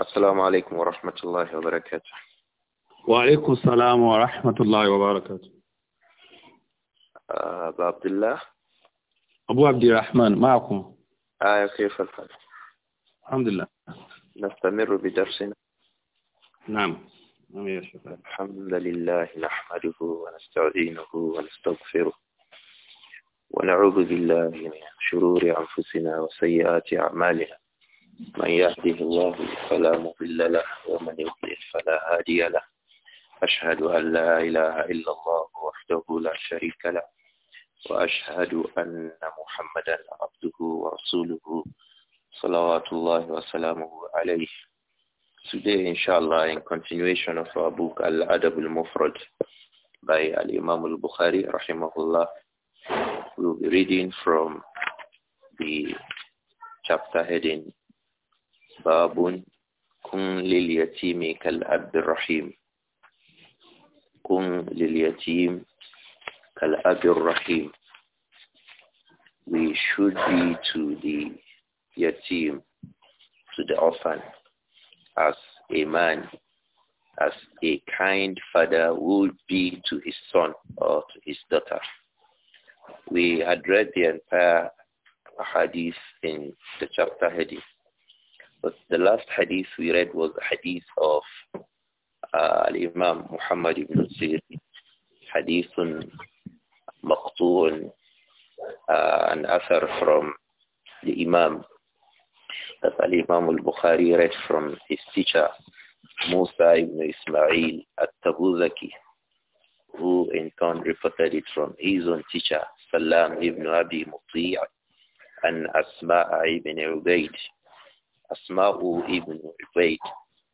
السلام عليكم ورحمة الله وبركاته وعليكم السلام ورحمة الله وبركاته آه، أبو عبد الله أبو عبد الرحمن معكم آه كيف الحال الحمد لله نستمر بدرسنا نعم, نعم الحمد لله نحمده ونستعينه ونستغفره ونعوذ بالله من شرور أنفسنا وسيئات أعمالنا من يهده الله فلا مضل له ومن يضلل فلا هادي له أشهد أن لا إله إلا الله وحده لا شريك له وأشهد أن محمدا عبده ورسوله صلوات الله وسلامه عليه Today, inshallah, in continuation of our book Al-Adab al-Mufrad by Al-Imam al-Bukhari, rahimahullah, we'll be reading from the chapter heading we should be to the yatim, to the orphan, as a man, as a kind father would be to his son or to his daughter. We had read the entire hadith in the chapter heading. But the last hadith we read was the hadith of uh, Imam Muhammad ibn Sir, hadith maqtu'un, uh, an author from the Imam that Al-Imam al-Bukhari read from his teacher Musa ibn Ismail at-Tabuzaki who in turn reported it from his own teacher Salam ibn Abi Muti' and Asma' ibn Ubaid Asma'u ibn Ubaid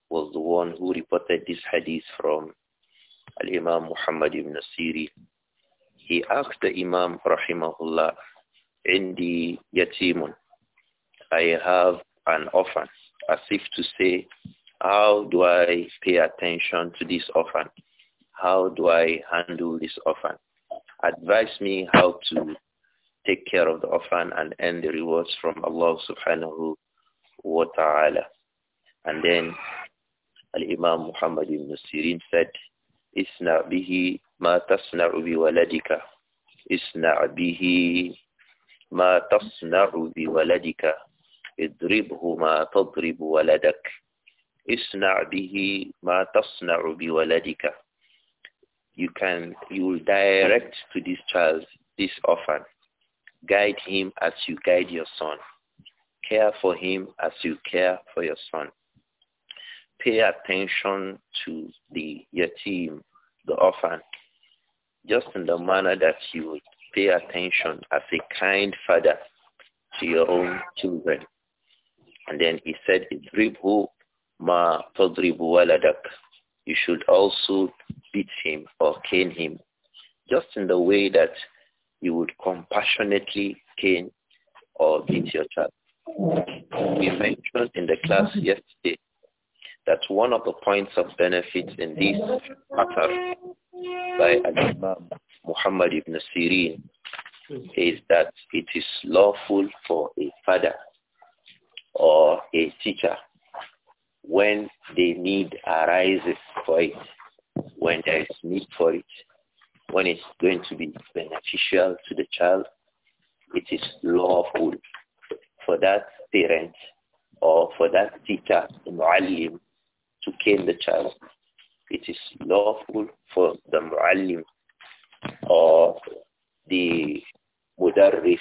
was the one who reported this hadith from Al-Imam Muhammad ibn Asiri. He asked the Imam, rahimahullah, Indi yatimun, I have an orphan, as if to say, how do I pay attention to this orphan? How do I handle this orphan? Advise me how to take care of the orphan and earn the rewards from Allah subhanahu wa ta'ala. And then Al-Imam Muhammad ibn Sirin said, Isna bihi ma tasna'u bi waladika. Isna bihi ma tasna'u bi waladika. اضربه ma تضرب waladak. Isna bihi ma tasna'u bi waladika. You can, you will direct to this child, this orphan. Guide him as you guide your son care for him as you care for your son. Pay attention to the yatim, the orphan, just in the manner that you would pay attention as a kind father to your own children. And then he said, Idribhu ma tadribu waladak. You should also beat him or cane him, just in the way that you would compassionately cane or beat your child. We mentioned in the class yesterday that one of the points of benefit in this matter by Imam Muhammad ibn Sirin is that it is lawful for a father or a teacher when the need arises for it, when there is need for it, when it's going to be beneficial to the child, it is lawful for that parent or for that teacher, mu'allim, to kill the child. It is lawful for the mu'allim or the mudarris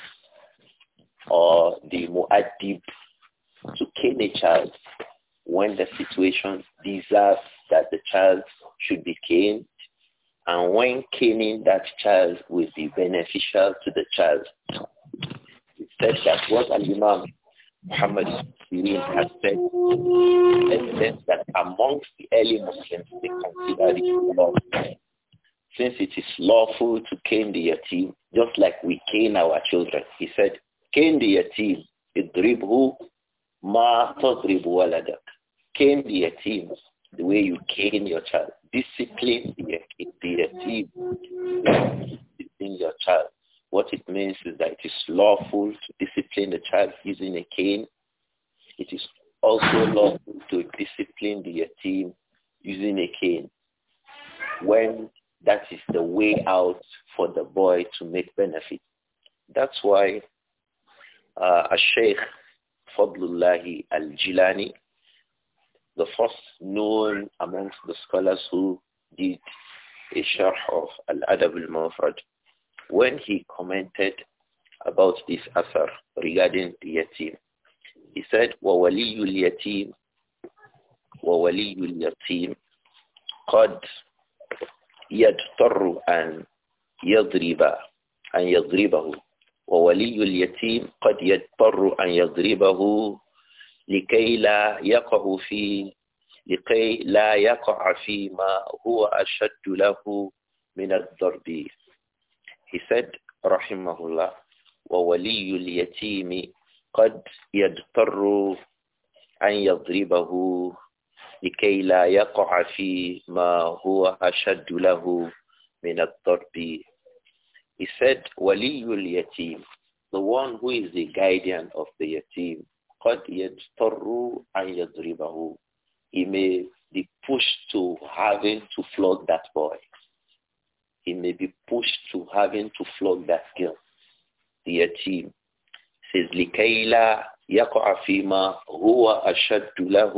or the mu'addib to kill a child when the situation deserves that the child should be caned and when caning that child will be beneficial to the child said that what Al-Imam Muhammad Sirin has said, evidence that amongst the early Muslims, they consider it lawful. Since it is lawful to cane the yatim, just like we cane our children. He said, cane the yatim, idribhu ma tadribu waladak. Cane the yatim the way you cane your child. Discipline the yatim, discipline your child what it means is that it is lawful to discipline the child using a cane. It is also lawful to discipline the team using a cane when that is the way out for the boy to make benefit. That's why uh, Sheikh Fadlullahi Al-Jilani, the first known amongst the scholars who did a sharh of Al-Adab al when he commented about this asar regarding the yatim, he said, وَوَلِيُّ الْيَتِيمِ وَوَلِيُّ الْيَتِيمِ قَدْ يَضْطَرُّ أَنْ يَضْرِبَ أَنْ يَضْرِبَهُ وولي اليتيم قد يضطر أن يضربه لكي لا يقع في لكي لا يقع فيما هو أشد له من الضرب He said, rahimahullah, وَوَلِيُّ الْيَتِيمِ He said, The one who is the guardian of the yatim. He may be pushed to having to flog that boy he may be pushed to having to flog that girl, the yatim. Says, لِكَيْلَا يَقْعَ فِي مَا هُوَ أَشَدُّ لَهُ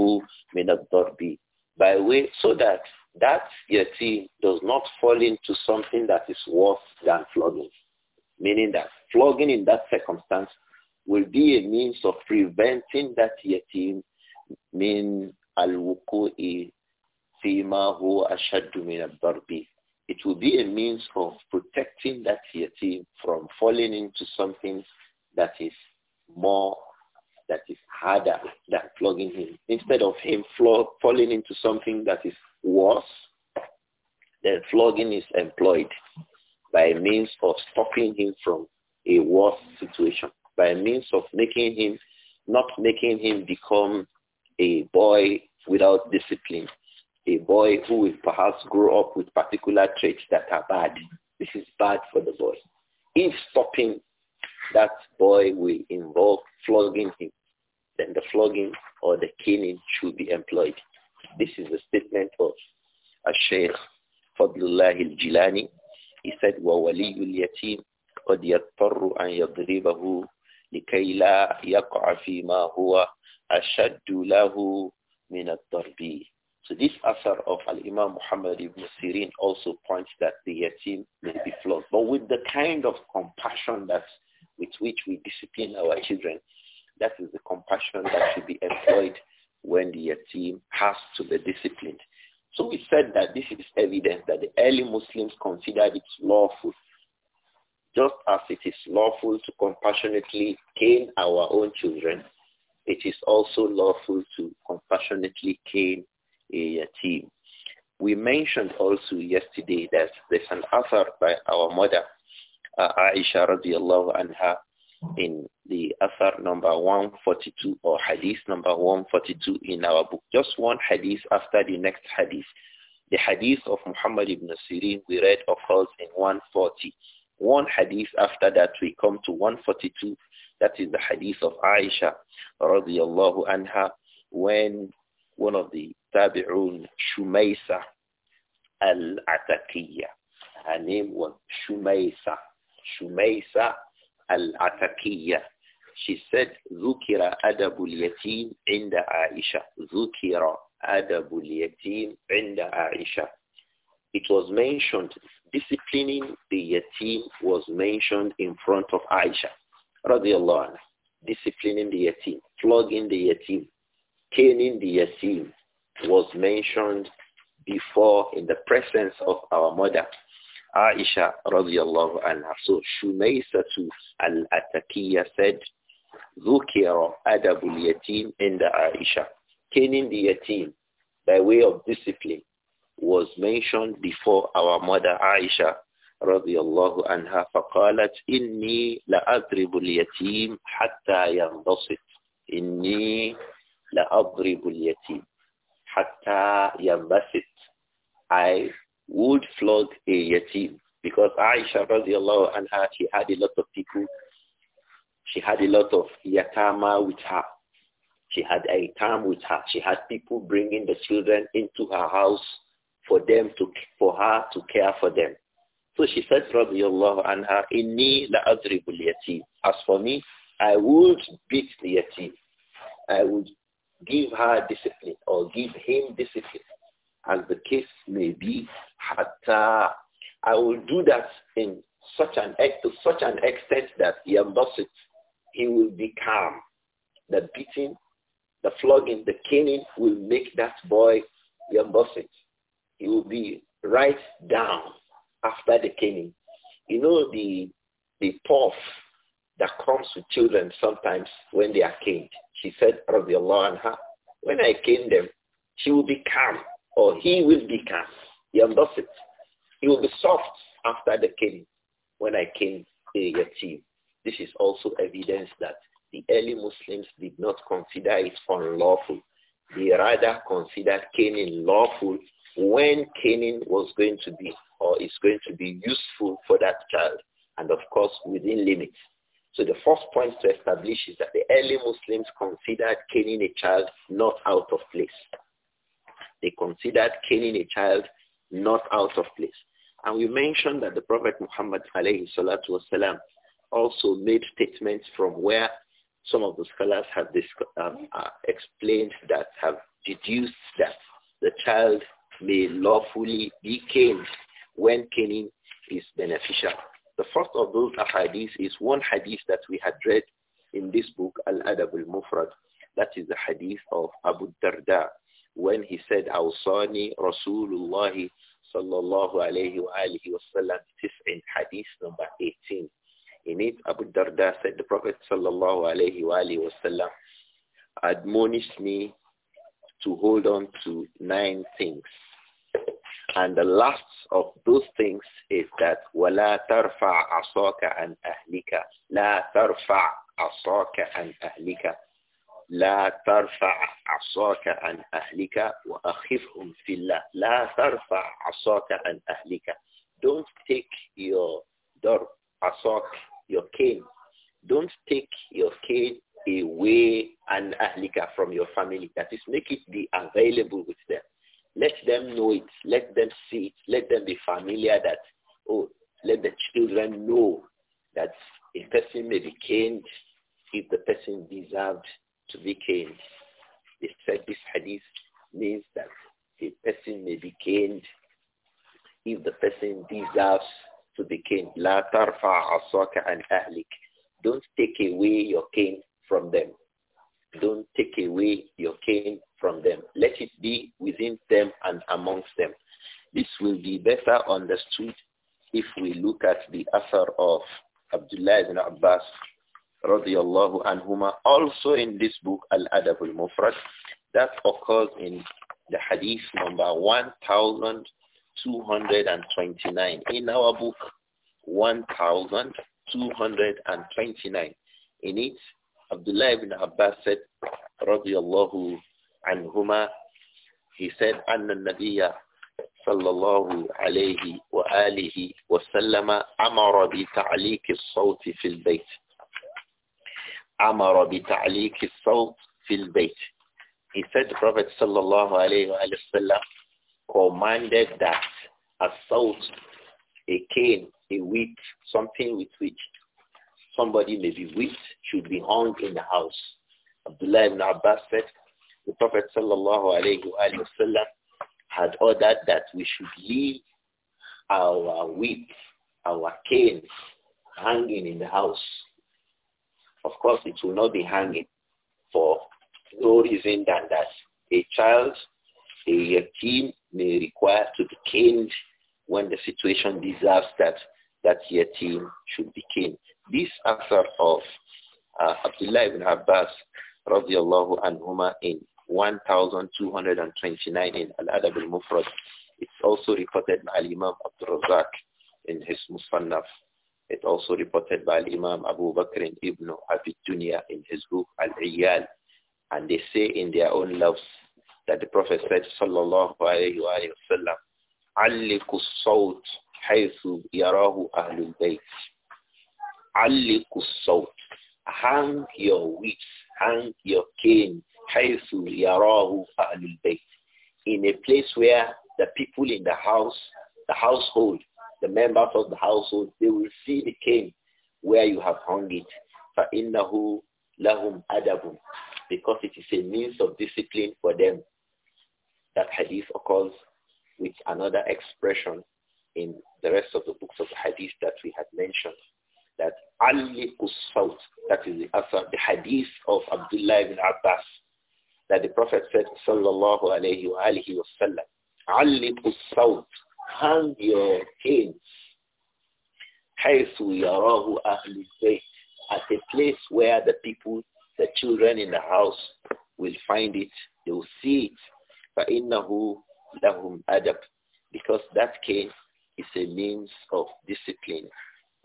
مِنَ الضَّرْبِ By way, so that that yatim does not fall into something that is worse than flogging. Meaning that flogging in that circumstance will be a means of preventing that yatim min al fima huwa ashaddu min al it will be a means of protecting that yatim from falling into something that is more, that is harder than flogging him. Instead of him falling into something that is worse, then flogging is employed by means of stopping him from a worse situation, by means of making him, not making him become a boy without discipline, a boy who will perhaps grow up with particular traits that are bad. This is bad for the boy. If stopping that boy will involve flogging him, then the flogging or the caning should be employed. This is a statement of a Sheikh Fadlullah al-Jilani. He said, وَوَلِيُّ الْيَتِيمِ قَدْ يَضْطَرُّ أَنْ يَضْرِبَهُ لكي لا يقع فيما هو أشد له من الضرب so this asar of Al-Imam Muhammad ibn Sirin also points that the yatim may be flawed. But with the kind of compassion that with which we discipline our children, that is the compassion that should be employed when the yatim has to be disciplined. So we said that this is evidence that the early Muslims considered it lawful, just as it is lawful to compassionately cane our own children, it is also lawful to compassionately cane a team. We mentioned also yesterday that there's an author by our mother, uh, Aisha radiallahu anha, in the Athar number 142 or Hadith number 142 in our book. Just one Hadith after the next Hadith. The Hadith of Muhammad ibn Sirin we read occurs in 140. One Hadith after that we come to 142. That is the Hadith of Aisha radiallahu anha when one of the تابعون شميسة العتكية هنيم Her شميسة العتكية She said, ذكر أدب اليتيم عند عائشة. ذكر أدب اليتيم عند عائشة. It was mentioned, disciplining the yatim was mentioned in front of Aisha. رضي الله عنها. Disciplining the yatim, flogging the yatim, caning the yatim, was mentioned before in the presence of our mother, Aisha radiallahu anha. So Shumaysatu al-Atakiya said, ذكر adabul yatim عند Aisha. Caning the yatim by way of discipline was mentioned before our mother Aisha radiallahu anha فقالت إني yatim hatta حتى Inni إني لأضرب yatim.'" hatta yambasit. I would flog a yatim because Aisha radiallahu anha, she had a lot of people. She had a lot of yatama with her. She had a time with her. She had people bringing the children into her house for them to, for her to care for them. So she said, radiallahu anha, inni la'adribul yatim. As for me, I would beat the yatim. I would give her discipline or give him discipline, as the case may be. Hatta I will do that in such an to such an extent that he embosses, he will be calm. The beating, the flogging, the caning will make that boy embosses. He will be right down after the caning. You know the the puff that comes to children sometimes when they are caned she said, radiallahu anha, when I came them, she will be calm, or he will be calm. He understood. He will be soft after the caning. when I cane a yatim. This is also evidence that the early Muslims did not consider it unlawful. They rather considered caning lawful when caning was going to be or is going to be useful for that child. And of course, within limits. So the first point to establish is that the early Muslims considered killing a child not out of place. They considered killing a child not out of place. And we mentioned that the Prophet Muhammad والسلام, also made statements from where some of the scholars have um, uh, explained that, have deduced that the child may lawfully be caned when caning is beneficial. The first of those hadiths is one hadith that we had read in this book, Al-Adab al-Mufrad. That is the hadith of Abu Darda when he said, Awsani Rasulullah sallallahu alayhi wa alihi wa sallam in hadith number 18. In it, Abu Darda said, the Prophet sallallahu alayhi wa alihi wa sallam admonished me to hold on to nine things. And the last of those things is that وَلَا تَرْفَعْ عَصَاكَ عَنْ أَهْلِكَ لَا تَرْفَعْ عَصَاكَ عَنْ أَهْلِكَ لا ترفع عصاك عن أهلك وأخفهم في الله لا ترفع عصاك عن أهلك don't take your door عصاك your cane don't take your cane away and ahlika from your family that is make it be available with them let them know it. Let them see it. Let them be familiar that, oh, let the children know that a person may be caned if the person deserved to be caned. They said this hadith means that a person may be caned if the person deserves to be caned. لا ترفع عصاك عن أهلك. Don't take away your cane from them. Don't take away your cane from them. Let it be within them and amongst them. This will be better understood if we look at the author of Abdullah ibn Abbas radiallahu anhuma also in this book Al-Adab al-Mufrad that occurs in the hadith number 1229 in our book 1229 in it Abdullah ibn Abbas said, radiallahu anhuma, he said, anna Nadia, sallallahu alayhi wa alihi wa sallama amara bi ta'liqi sawti fil bayt. Amara bi ta'liqi sawt fil bayt. He said, the Prophet sallallahu alayhi wa sallam commanded that a salt, a cane, a whip, something with which somebody may be whipped should be hung in the house. Abdullah ibn Abbas said, the Prophet sallallahu alayhi wa sallam had ordered that we should leave our whips, our canes hanging in the house. Of course, it will not be hanging for no reason than that a child, a team may require to be caned when the situation deserves that that yetim should be caned. This answer of uh, Abdullah ibn Abbas radiallahu anhuma in 1229 in Al-Adab al-Mufrad. It's also reported by Imam Abdul Razak in his Musannaf. It's also reported by Imam Abu Bakr ibn Abi Dunya in his book Al-Iyal. And they say in their own loves that the Prophet said, Sallallahu alayhi wa sallam, عَلِّكُ الصَّوْتِ حَيْثُ يَرَاهُ أَهْلُ الْبَيْتِ aliku sawt. Hang your whip, hang your cane, حيث يراه أهل البيت, In a place where the people in the house, the household, the members of the household, they will see the cane where you have hung it. فَإِنَّهُ لَهُمْ أَدَبٌ Because it is a means of discipline for them. That hadith occurs with another expression in the rest of the books of the hadith that we had mentioned that Ali Usfawt, that is the, the hadith of Abdullah ibn Abbas, that the Prophet said, sallallahu alayhi wa alihi wa sallam, Ali Usfawt, hang your heads, حيث يراه أهل البيت. at a place where the people, the children in the house will find it, they will see it, فَإِنَّهُ لَهُمْ أَدَبٌ. because that cane is a means of discipline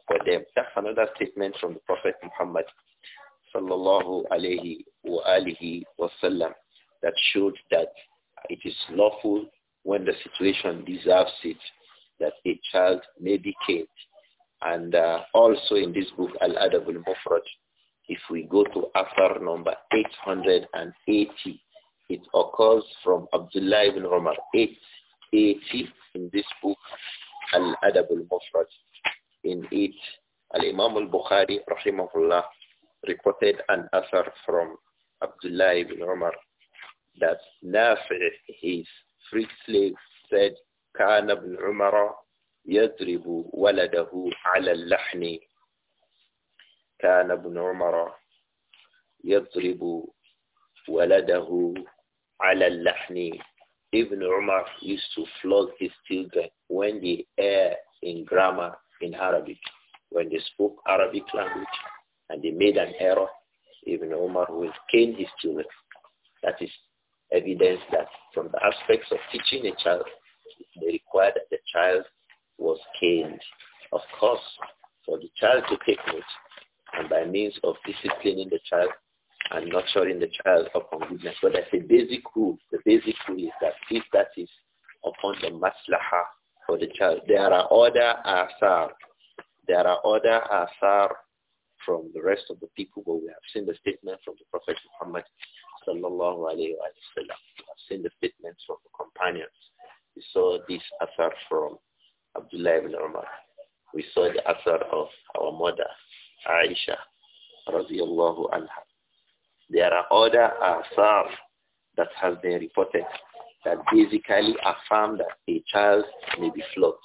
for them. That's another statement from the Prophet Muhammad sallallahu alayhi wa alihi wasallam that showed that it is lawful when the situation deserves it that a child medicate. And uh, also in this book, Al-Adab al-Mufraj, if we go to Athar number 880, it occurs from Abdullah ibn Umar, 880 in this book, Al-Adab al in it, Al-Imam al-Bukhari, rahimahullah, reported an asar from Abdullah ibn Umar that Nafi, his free slave, said, كان ابن عمر يضرب ولده على اللحن كان ابن عمر يضرب ولده على اللحن Ibn Umar used to flog his children when they err in grammar in Arabic. When they spoke Arabic language and they made an error, even Omar will cane his children. That is evidence that from the aspects of teaching a child, they require that the child was caned. Of course, for the child to take note, and by means of disciplining the child and nurturing the child upon goodness. But that's a basic rule. The basic rule is that there are other asar. There are other asar from the rest of the people, but we have seen the statement from the Prophet Muhammad sallallahu alayhi wa sallam. We have seen the statements from the companions. We saw this asar from Abdullah ibn Umar. We saw the asar of our mother, Aisha radiallahu anha. There are other asar that have been reported that basically affirm that a child may be flawed.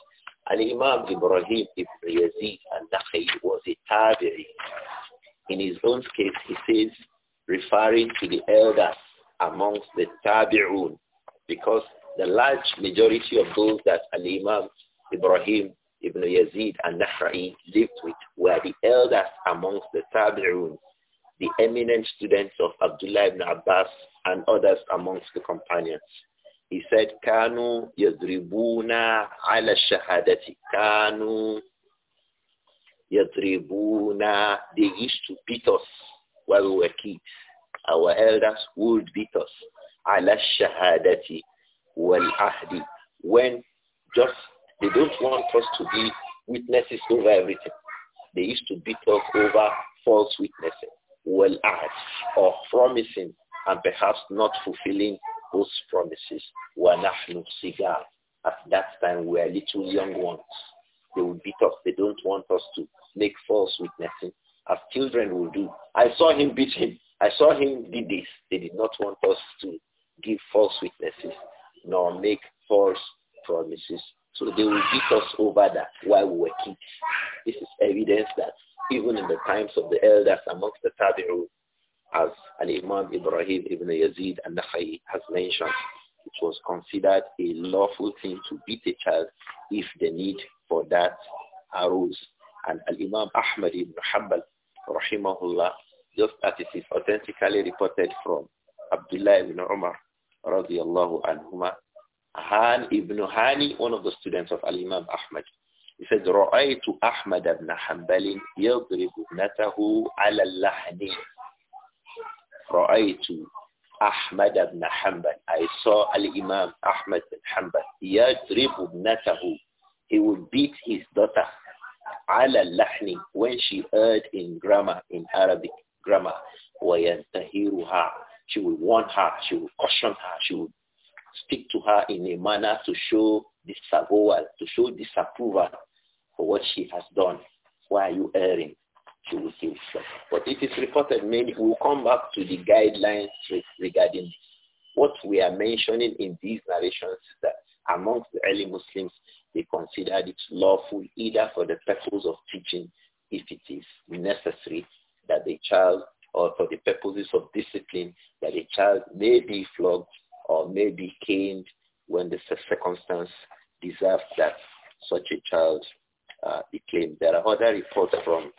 Imam Ibrahim Ibn Yazid al-Nakhi was a tabi'i. In his own case, he says, referring to the elders amongst the tabi'un, because the large majority of those that al-Imam Ibrahim Ibn Yazid al-Nahra'i lived with were the elders amongst the tabi'un, the eminent students of Abdullah ibn Abbas and others amongst the companions said, Kanu yadribuna ala shahadati. Kanu yadribuna. They used to beat us while we were kids. Our elders would beat us. Ala shahadati wal ahdi. When just, they don't want us to be witnesses over everything. They used to beat us over false witnesses, well as or promising and perhaps not fulfilling those promises national صِغَارٌ At that time, we are little young ones. They will beat us. They don't want us to make false witnessing as children will do. I saw him beat him. I saw him did this. They did not want us to give false witnesses nor make false promises. So they will beat us over that while we were kids. This is evidence that even in the times of the elders amongst the Tabi'u, as an Imam Ibrahim ibn Yazid and Nakhai has mentioned, it was considered a lawful thing to beat a child if the need for that arose. And Al-Imam Ahmad ibn Hanbal, rahimahullah, just as it is authentically reported from Abdullah ibn Umar, radiallahu anhuma, Han ibn Hani, one of the students of Al-Imam Ahmad, he said, رأيت أحمد بن حنبل يضرب ابنته على اللحن. رأيت Ahmad ibn Hanbal. I saw Al-Imam Ahmad ibn Hanbal. Yadribu natahu. He would beat his daughter, ala lahni, when she erred in grammar, in Arabic grammar. وَيَنْتَهِرُهَا She would warn her, she would caution her, she would speak to her in a manner to show disavowal, to show disapproval for what she has done. Why are you erring? to But it is reported many will come back to the guidelines regarding What we are mentioning in these narrations that amongst the early Muslims, they considered it lawful either for the purpose of teaching, if it is necessary that the child, or for the purposes of discipline, that a child may be flogged or may be caned when the circumstance deserves that such a child uh, be claimed. There are other reports from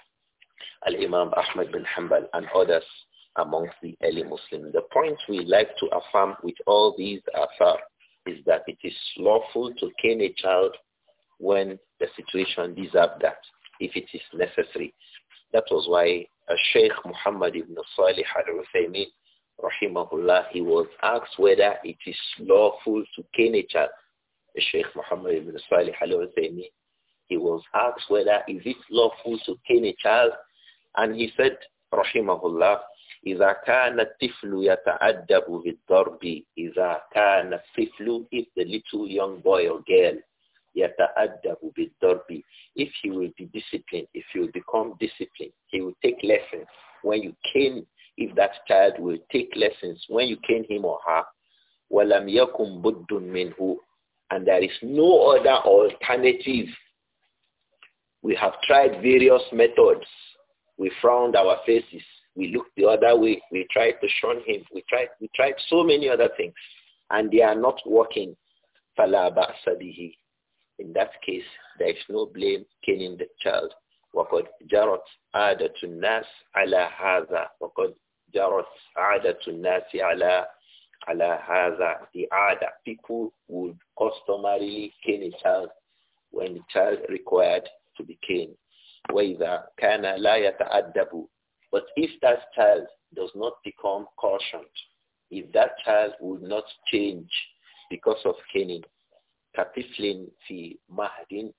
Al-Imam Ahmad bin Hanbal and others amongst the early Muslims. The point we like to affirm with all these affair is that it is lawful to cane a child when the situation deserves that, if it is necessary. That was why Sheikh Muhammad ibn Salih al-Uthaymeen, rahimahullah, he was asked whether it is lawful to cane a child. Sheikh Muhammad ibn Salih al-Uthaymeen, he was asked whether is it lawful to cane a child and he said, rahimahullah, إذا كان الطفل يتعدب بالضرب إذا كان الطفل if the little young boy or girl يتعدب بالضرب if he will be disciplined if he will become disciplined he will take lessons when you cane if that child will take lessons when you cane him or her ولم يكن بد منه and there is no other alternative we have tried various methods we frowned our faces. We looked the other way. We tried to shun him. We tried, we tried so many other things. And they are not working. In that case, there is no blame killing the child. وقد جرت عادة الناس على هذا وقد جرت عادة الناس على على هذا the people would customarily cane a child when the child required to be killed وَإِذَا كَانَ لَا يَتَأَدَّبُ But if that child does not become cautioned, if that child would not change because of caning, katiflin fi mahdin,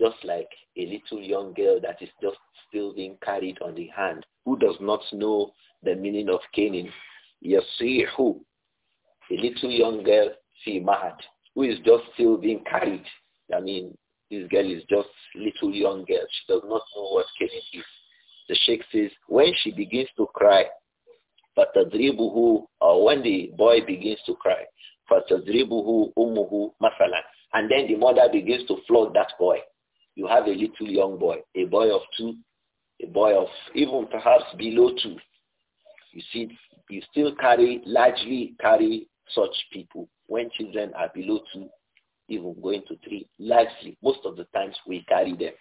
just like a little young girl that is just still being carried on the hand, who does not know the meaning of caning, who? a little young girl fi mahd, who is just still being carried, I mean, this girl is just little young girl. She does not know what killing is. The sheikh says, when she begins to cry, fatadribuhu, or when the boy begins to cry, fatadribuhu umuhu masalan. And then the mother begins to flog that boy. You have a little young boy, a boy of two, a boy of even perhaps below two. You see, you still carry, largely carry such people when children are below two even going to three, largely, most of the times we carry them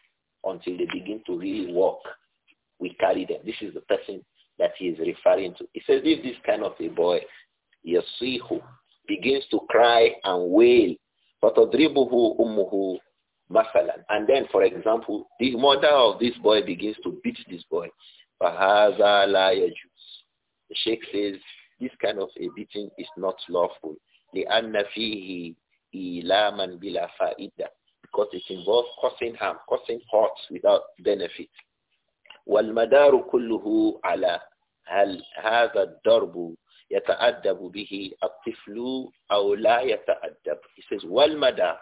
until they begin to really walk. We carry them. This is the person that he is referring to. He says, if this kind of a boy, Yasihu, begins to cry and wail, فَتَضْرِبُهُ أُمُّهُ masalan. And then, for example, the mother of this boy begins to beat this boy. فَهَذَا لَا The sheikh says, this kind of a beating is not lawful. لِأَنَّ فِيهِ ilaman bila fa'ida because it involves causing harm, causing hurt without benefit. والمدار كله على هل هذا الضرب يتأدب به الطفل أو لا يتأدب. He says والمدار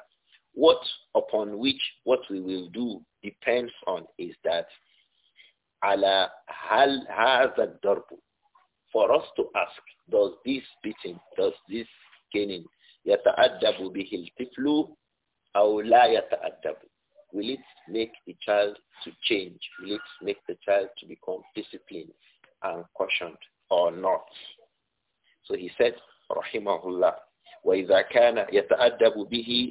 what upon which what we will do depends on is that على هل هذا الضرب for us to ask does this beating, does this caning يَتَأَدَّبُ بِهِ الْطِفْلُ أَوْ لَا يَتَأَدَّبُ Will it make the child to change? Will it make the child to become disciplined and cautioned or not? So he said, رحمه الله, وَإِذَا كَانَ يَتَأَدَّبُ بِهِ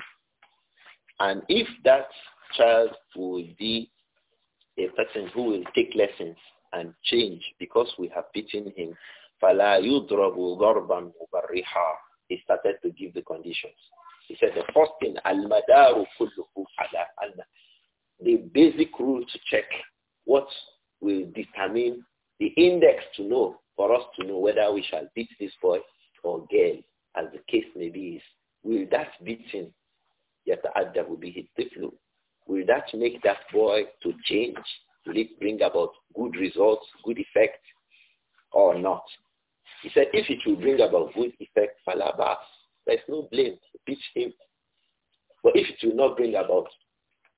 And if that child will be a person who will take lessons and change because we have beaten him, فَلَا يُضْرَبُ ضَرْبًا مُبَرِّحًا he started to give the conditions. He said the first thing, al-madaru kulluhu ala anna. The basic rule to check what will determine the index to know, for us to know whether we shall beat this boy or girl, as the case may be is, will that beating will be his tiflu, will that make that boy to change? Will it bring about good results, good effect, or not? He said, if it will bring about good effect, Falaba, there's no blame. Beat him. But if it will not bring about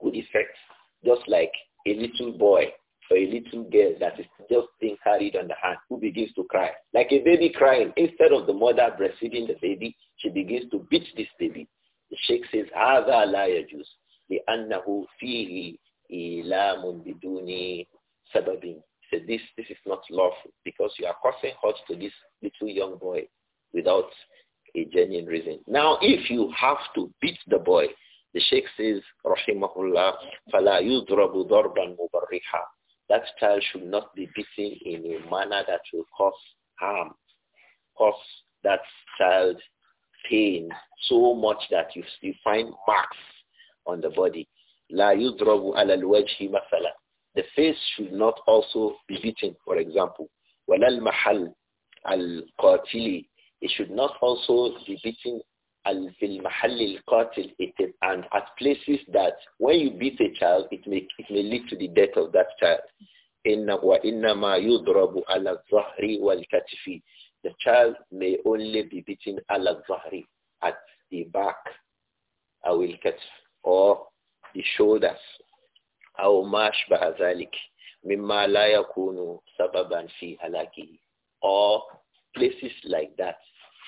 good effect, just like a little boy or a little girl that is just being carried on the hand who begins to cry, like a baby crying, instead of the mother breastfeeding the baby, she begins to beat this baby. The sheikh says, هذا لا يجوز لأنه فيه إيلام بدون سبب said, this, this is not lawful because you are causing hurt to this little young boy without a genuine reason. Now, if you have to beat the boy, the sheikh says, rahimahullah, فَلَا يُضْرَبُ ضَرْبًا مُبَرِّحًا That child should not be beaten in a manner that will cause harm, cause that child pain so much that you, you find marks on the body. لَا يُضْرَبُ عَلَى الْوَجْهِ مَثَلًا the face should not also be beaten, for example. وَلَا الْمَحَلْ الْقَاتِلِ It should not also be beaten al فِي الْمَحَلِّ الْقَاتِلِ and at places that when you beat a child, it may, it may lead to the death of that child. إِنَّ وَإِنَّمَا يُضْرَبُ عَلَى الظَّهْرِ وَالْكَتِفِ The child may only be beaten al zahri at the back, awil الكتف, or the shoulders أو ما أشبه ذلك مما لا يكون سببا في هلاكه or places like that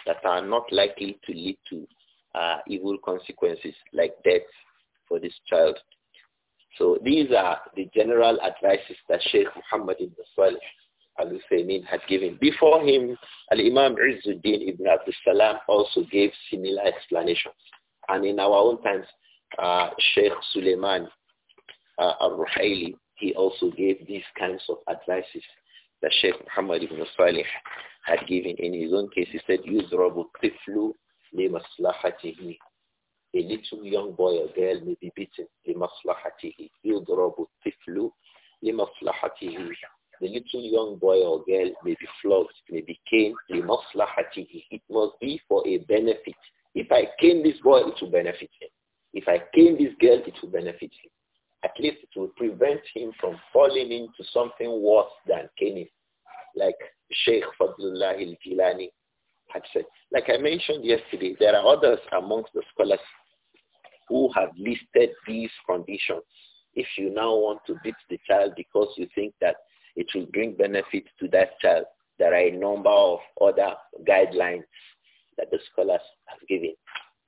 that are not likely to lead to uh, evil consequences like death for this child. So these are the general advices that Sheikh Muhammad ibn Salih al-Husaymin had given. Before him, Al-Imam Izzuddin ibn Abdul Salam also gave similar explanations. And in our own times, uh, Sheikh Suleiman uh, al-Ruhaili, he also gave these kinds of advices that Sheikh Muhammad ibn Salih had given in his own case. He said, "Use يُضْرَبُ الطِّفْلُ Maslahatihi. A little young boy or girl may be beaten Maslahatihi. لِمَصْلَحَتِهِ يُضْرَبُ الطِّفْلُ Maslahatihi. The little young boy or girl may be flogged, may be caned لِمَصْلَحَتِهِ It must be for a benefit. If I cane this boy, it will benefit him. If I cane this girl, it will benefit him. At least it will prevent him from falling into something worse than caning, like Sheikh Fadlullah al-Jilani had said. Like I mentioned yesterday, there are others amongst the scholars who have listed these conditions. If you now want to beat the child because you think that it will bring benefit to that child, there are a number of other guidelines that the scholars have given.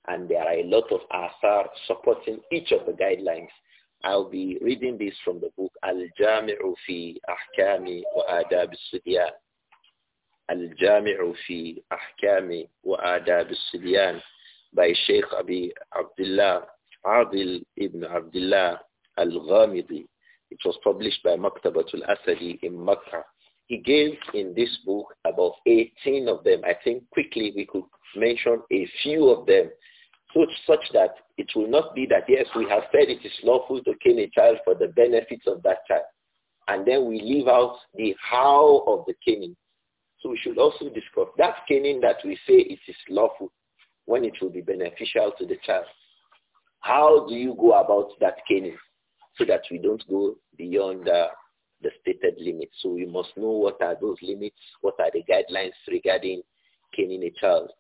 And there are a lot of asar supporting each of the guidelines I'll be reading this from the book Al-Jami'u fi Ahkami wa Adab al-Sidyan. Al-Jami'u fi Ahkami wa Adab al-Sidyan by Sheikh Abi Abdullah Adil ibn Abdullah Al-Ghamidi. It was published by Maktabatul Asadi in Makkah. He gave in this book about 18 of them. I think quickly we could mention a few of them such, such that it will not be that, yes, we have said it is lawful to kill a child for the benefits of that child. And then we leave out the how of the caning. So we should also discuss that caning that we say it is lawful when it will be beneficial to the child. How do you go about that caning so that we don't go beyond uh, the stated limits? So we must know what are those limits, what are the guidelines regarding caning a child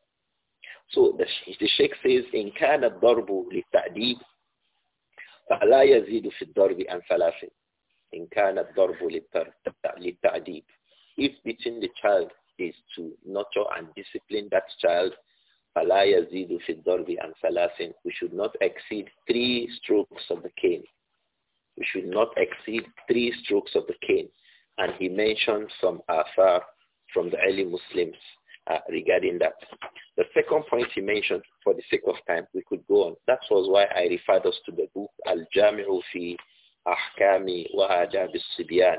so the, the Sheikh says, إن كان الضرب للتأديب فلا يزيد في الضرب عن ثلاث إن كان الضرب للتأديب If beating the child is to nurture and discipline that child, فلا يزيد في الضرب عن ثلاث We should not exceed three strokes of the cane. We should not exceed three strokes of the cane. And he mentioned some afar from the early Muslims uh, regarding that. The second point he mentioned, for the sake of time, we could go on. That was why I referred us to the book Al-Jami'u fi Ahkami wa Ajab al-Sibyan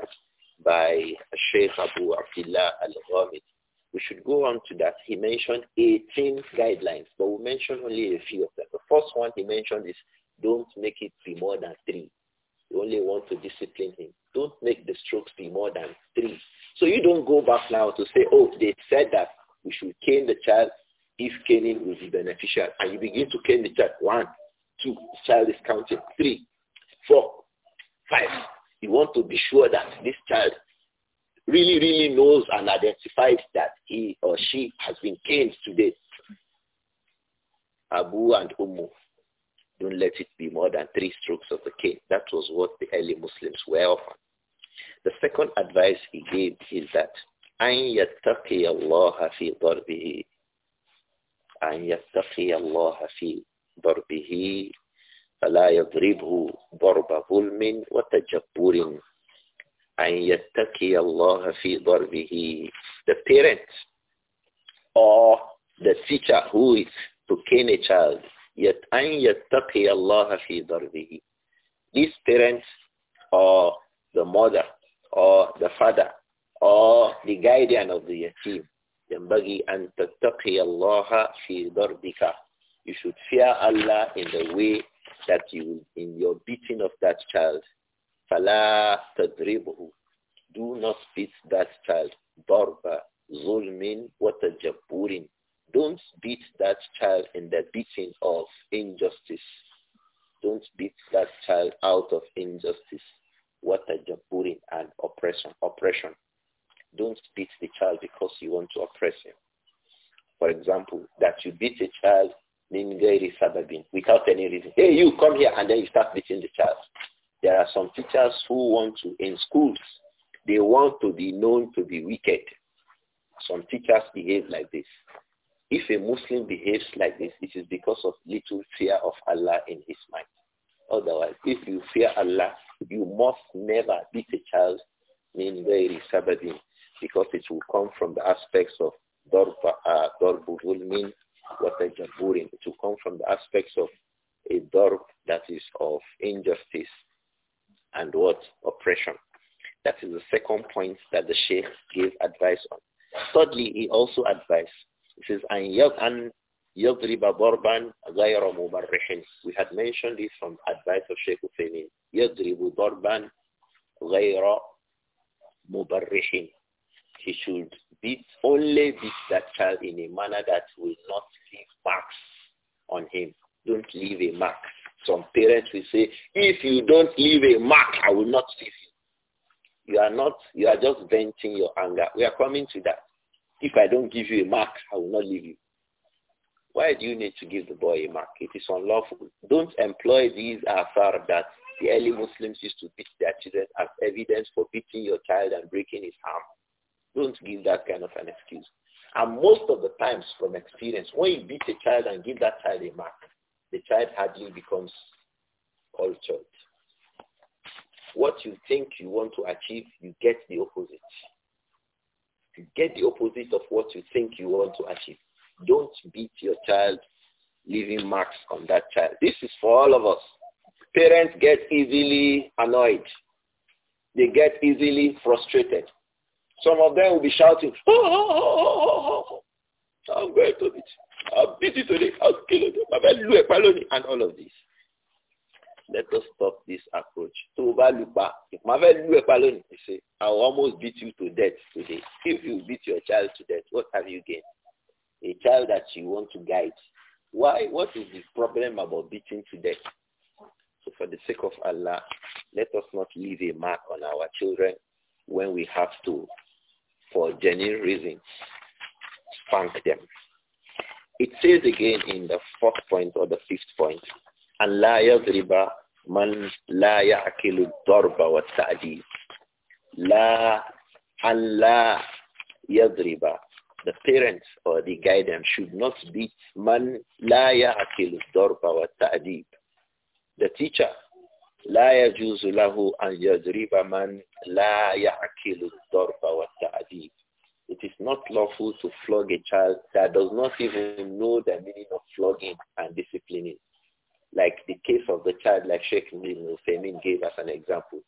by Sheikh Abu Abdullah Al-Ghamid. We should go on to that. He mentioned 18 guidelines, but we mentioned only a few of them. The first one he mentioned is don't make it be more than three. You only want to discipline him. Don't make the strokes be more than three. So you don't go back now to say, oh, they said that. We should cane the child if caning will be beneficial. And you begin to cane the child. One, two, child is counting. Three, four, five. You want to be sure that this child really, really knows and identifies that he or she has been caned today. Abu and Umu, don't let it be more than three strokes of the cane. That was what the early Muslims were offered. The second advice he gave is that أن يتقي الله في ضربه أن يتقي الله في ضربه فلا يضربه ضرب ظلم وتجبر أن يتقي الله في ضربه the parent or the teacher who is to cane a child yet أن يتقي الله في ضربه these parents or the mother or the father or oh, the guardian of the yatim. ينبغي أن تتقي الله في ضربك. You should fear Allah in the way that you in your beating of that child. فلا تضربه. Do not beat that child. ضرب ظلم وتجبر. Don't beat that child in the beating of injustice. Don't beat that child out of injustice. وتجبر and oppression. Oppression. Don't beat the child because you want to oppress him. For example, that you beat a child without any reason. Hey, you come here and then you start beating the child. There are some teachers who want to, in schools, they want to be known to be wicked. Some teachers behave like this. If a Muslim behaves like this, it is because of little fear of Allah in his mind. Otherwise, if you fear Allah, you must never beat a child in very because it will come from the aspects of uh, darbu what wa tajaburin. It will come from the aspects of a darb that is of injustice and what? Oppression. That is the second point that the Sheikh gave advice on. Thirdly, he also advised, he says, an an yadriba barban ghayra mubarrihin. We had mentioned this from advice of Sheikh Uthaymeen. Yadribu barban ghayra mubarrihin he should beat only beat that child in a manner that will not leave marks on him. Don't leave a mark. Some parents will say, if you don't leave a mark, I will not leave you. You are not, you are just venting your anger. We are coming to that. If I don't give you a mark, I will not leave you. Why do you need to give the boy a mark? It is unlawful. Don't employ these afar that the early Muslims used to beat their children as evidence for beating your child and breaking his arm. Don't give that kind of an excuse. And most of the times from experience, when you beat a child and give that child a mark, the child hardly becomes cultured. What you think you want to achieve, you get the opposite. You get the opposite of what you think you want to achieve. Don't beat your child, leaving marks on that child. This is for all of us. Parents get easily annoyed. They get easily frustrated. Some of them will be shouting, oh, oh, oh, oh, I'm going to beat you. I'll beat you today. I'll kill you. And all of this. Let us stop this approach. You say, i almost beat you to death today. If you beat your child to death, what have you gained? A child that you want to guide. Why? What is the problem about beating to death? So for the sake of Allah, let us not leave a mark on our children when we have to for genuine reasons, spank them. It says again in the fourth point or the fifth point, and la yadriba man la ya'kilu darba wa ta'dib. La and la yadriba. The parents or the guidance should not beat man la ya'kilu darba wa The teacher لا يجوز له أن يضرب من لا يعقل الضرب والتعذيب. It is not lawful to flog a child that does not even know the meaning of flogging and disciplining. Like the case of the child like Sheikh Ibn Uthaymeen gave as an example.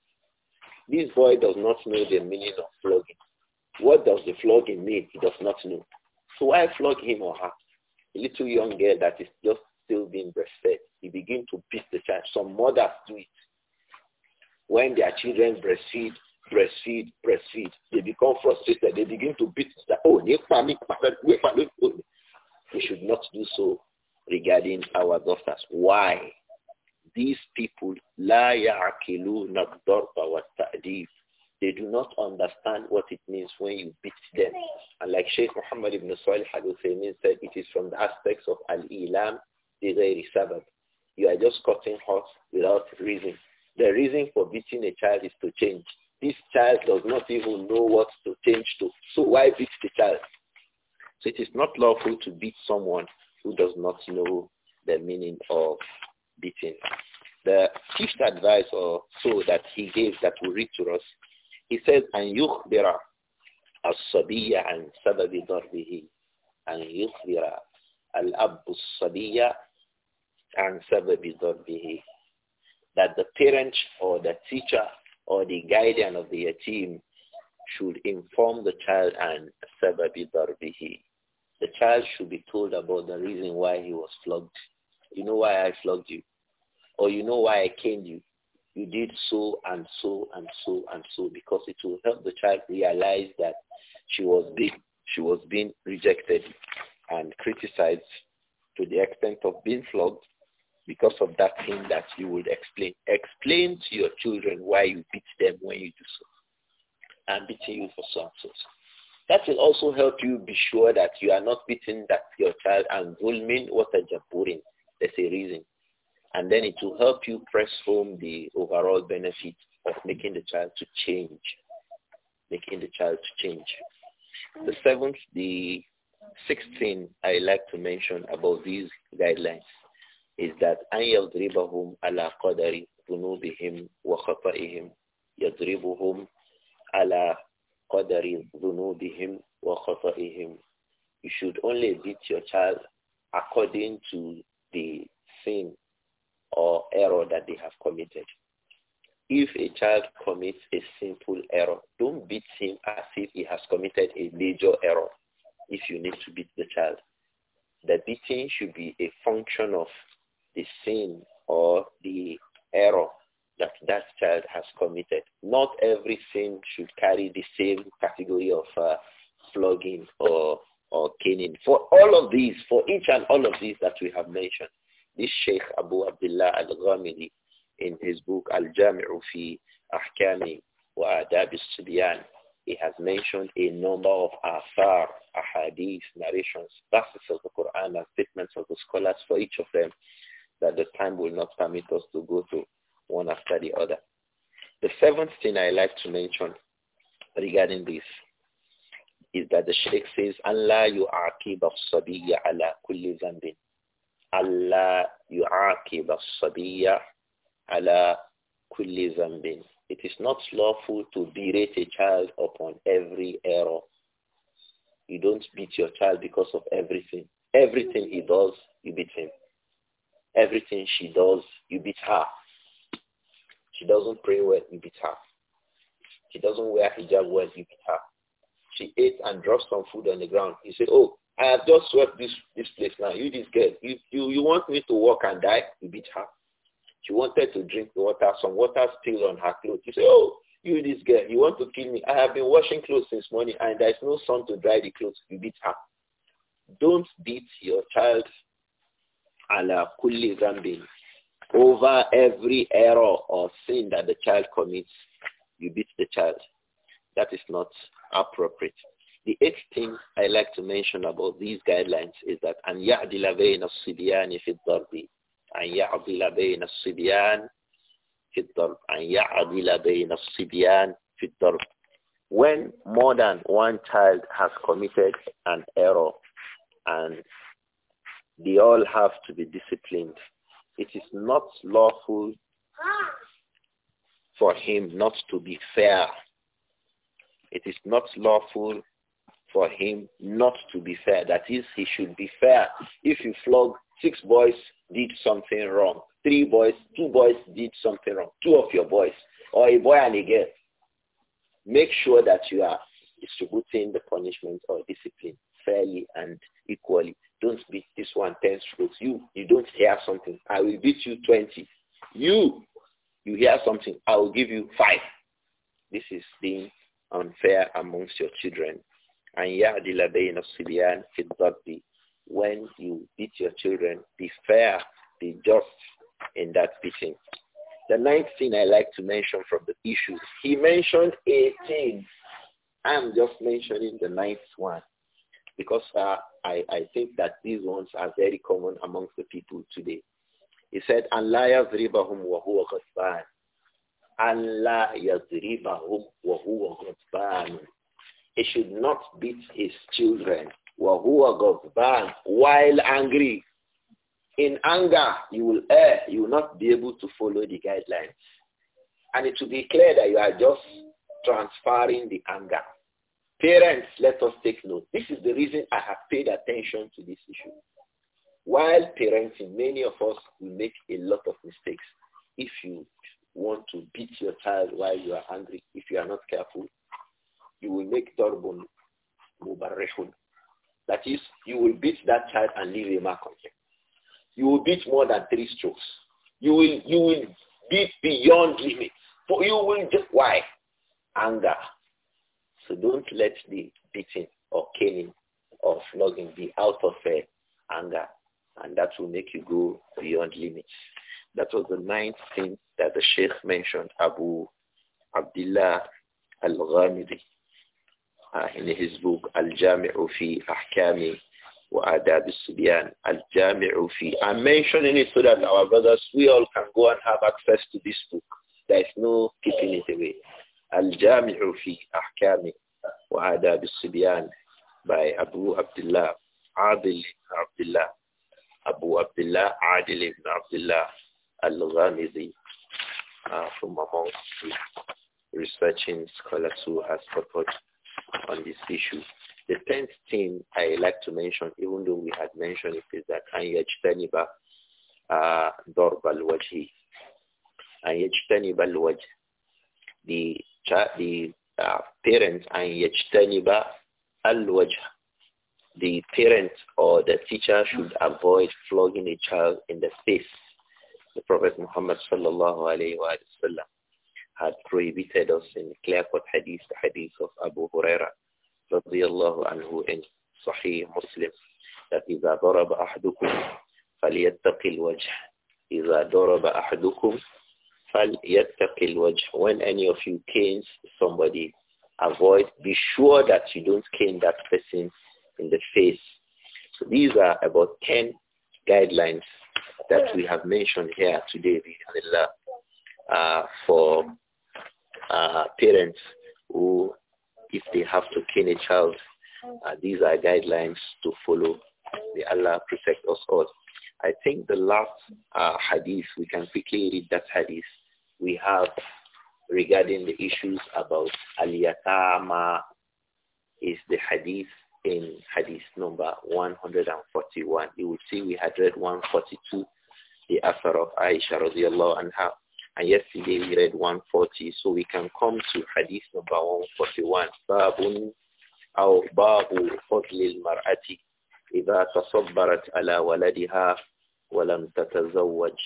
This boy does not know the meaning of flogging. What does the flogging mean? He does not know. So why flog him or her? A little young girl that is just still being breastfed, he begin to beat the child. Some mothers do it when their children breastfeed, breastfeed, breastfeed, they become frustrated. They begin to beat oh, we should not do so regarding our daughters. Why? These people, They do not understand what it means when you beat them. And like Sheikh Muhammad ibn Salih al said, it is from the aspects of al-ilam, the sabab. You are just cutting horse without reason. The reason for beating a child is to change. This child does not even know what to change to. So why beat the child? So it is not lawful to beat someone who does not know the meaning of beating. The fifth advice or so that he gave that will read to us, he says, and yukhbira as-sabiya an sababi darbihi an yukhbira al-abu as-sabiya an sababi darbihi that the parent or the teacher or the guardian of the team should inform the child and sababi The child should be told about the reason why he was flogged. You know why I flogged you? Or you know why I caned you? You did so and so and so and so because it will help the child realize that she was being, she was being rejected and criticized to the extent of being flogged because of that thing that you would explain. Explain to your children why you beat them when you do so. I'm beating you for something. That will also help you be sure that you are not beating that your child and zulmin watajaburin. There's a reason. And then it will help you press home the overall benefit of making the child to change. Making the child to change. The seventh, the sixth thing I like to mention about these guidelines is that أن يضربهم على قدر ذنوبهم وخطئهم يضربهم على قدر ذنوبهم وخطئهم You should only beat your child according to the sin or error that they have committed. If a child commits a simple error, don't beat him as if he has committed a major error if you need to beat the child. The beating should be a function of the sin or the error that that child has committed. Not every sin should carry the same category of uh, flogging or, or caning. For all of these, for each and all of these that we have mentioned, this Sheikh Abu Abdullah al-Ghamidi in his book Al-Jami'u fi Ahkami wa Adab al-Sibyan, he has mentioned a number of asar, ahadith, narrations, verses of the Quran and statements of the scholars for each of them that the time will not permit us to go to one after the other. The seventh thing I like to mention regarding this is that the Sheikh says, Allah yu'aqib al-sabiyya ala kulli zambin. Allah yu'aqib al-sabiyya ala kulli zambin. It is not lawful to berate a child upon every error. You don't beat your child because of everything. Everything he does, you beat him. Everything she does, you beat her. She doesn't pray well, you beat her. She doesn't wear hijab well, you beat her. She ate and dropped some food on the ground. You say, oh, I have just swept this, this place now. You this girl, you, you, you want me to walk and die? You beat her. She wanted to drink the water. Some water spilled on her clothes. You say, oh, you this girl, you want to kill me. I have been washing clothes since morning and there is no sun to dry the clothes. You beat her. Don't beat your child ala kulli zambin. Over every error or sin that the child commits, you beat the child. That is not appropriate. The eighth thing I like to mention about these guidelines is that When more than one child has committed an error and they all have to be disciplined. It is not lawful for him not to be fair. It is not lawful for him not to be fair. That is, he should be fair. If you flog six boys did something wrong, three boys, two boys did something wrong, two of your boys, or a boy and a girl, make sure that you are distributing the punishment or discipline fairly and equally. Don't beat this one 10 strokes. You, you don't hear something. I will beat you 20. You, you hear something. I will give you five. This is being unfair amongst your children. And ya'dila bayna sibyan When you beat your children, be fair, be just in that beating. The ninth thing I like to mention from the issues, he mentioned 18. I'm just mentioning the ninth one. Because uh, I, I think that these ones are very common amongst the people today. He said, Allah yazribahum wa huwa ghasban. Allah yazribahum wa huwa ghasban. He should not beat his children wa huwa ghasban while angry. In anger, you will err. You will not be able to follow the guidelines. And it will be clear that you are just transferring the anger Parents, let us take note. This is the reason I have paid attention to this issue. While parenting, many of us will make a lot of mistakes. If you want to beat your child while you are angry, if you are not careful, you will make terrible mubarrihun. That is, you will beat that child and leave a mark on him. You will beat more than three strokes. You will, you will beat beyond limits. For you will just, why? Anger so don't let the beating or caning or flogging be out of uh, anger. And that will make you go beyond limits. That was the ninth thing that the Sheikh mentioned, Abu Abdullah Al-Ghamidi, uh, in his book, Al-Jami'u fi Ahkami wa Adab al-Subyan, Al-Jami'u fi. I'm mentioning it so that our brothers, we all can go and have access to this book. There is no keeping it away. الجامع في أحكام وآداب الصبيان by uh, from among researching scholars who has support on this issue. The tenth thing I like to mention, even though we had mentioned it, is that أن يجتنب ضرب الوجه أن يجتنب الوجه the the uh, parents and yajtaniba al-wajh. The parents or the teacher should avoid flogging a child in the face. The Prophet Muhammad sallallahu alayhi wa had prohibited us in clear-cut hadith, the hadith of Abu Huraira radiallahu anhu in Sahih Muslim that إذا ضرب أحدكم فليتق الوجه إذا ضرب أحدكم when any of you canes somebody, avoid, be sure that you don't cane that person in the face. So these are about 10 guidelines that we have mentioned here today, uh, for uh, parents who, if they have to cane a child, uh, these are guidelines to follow. May Allah protect us all. I think the last uh, hadith, we can quickly read that hadith we have regarding the issues about Aliyatama is the hadith in hadith number 141. You will see we had read 142, the author of Aisha radiallahu anha. And yesterday we read 140, so we can come to hadith number 141. Babun أو باب فضل المرأة إذا تصبرت على ولدها ولم تتزوج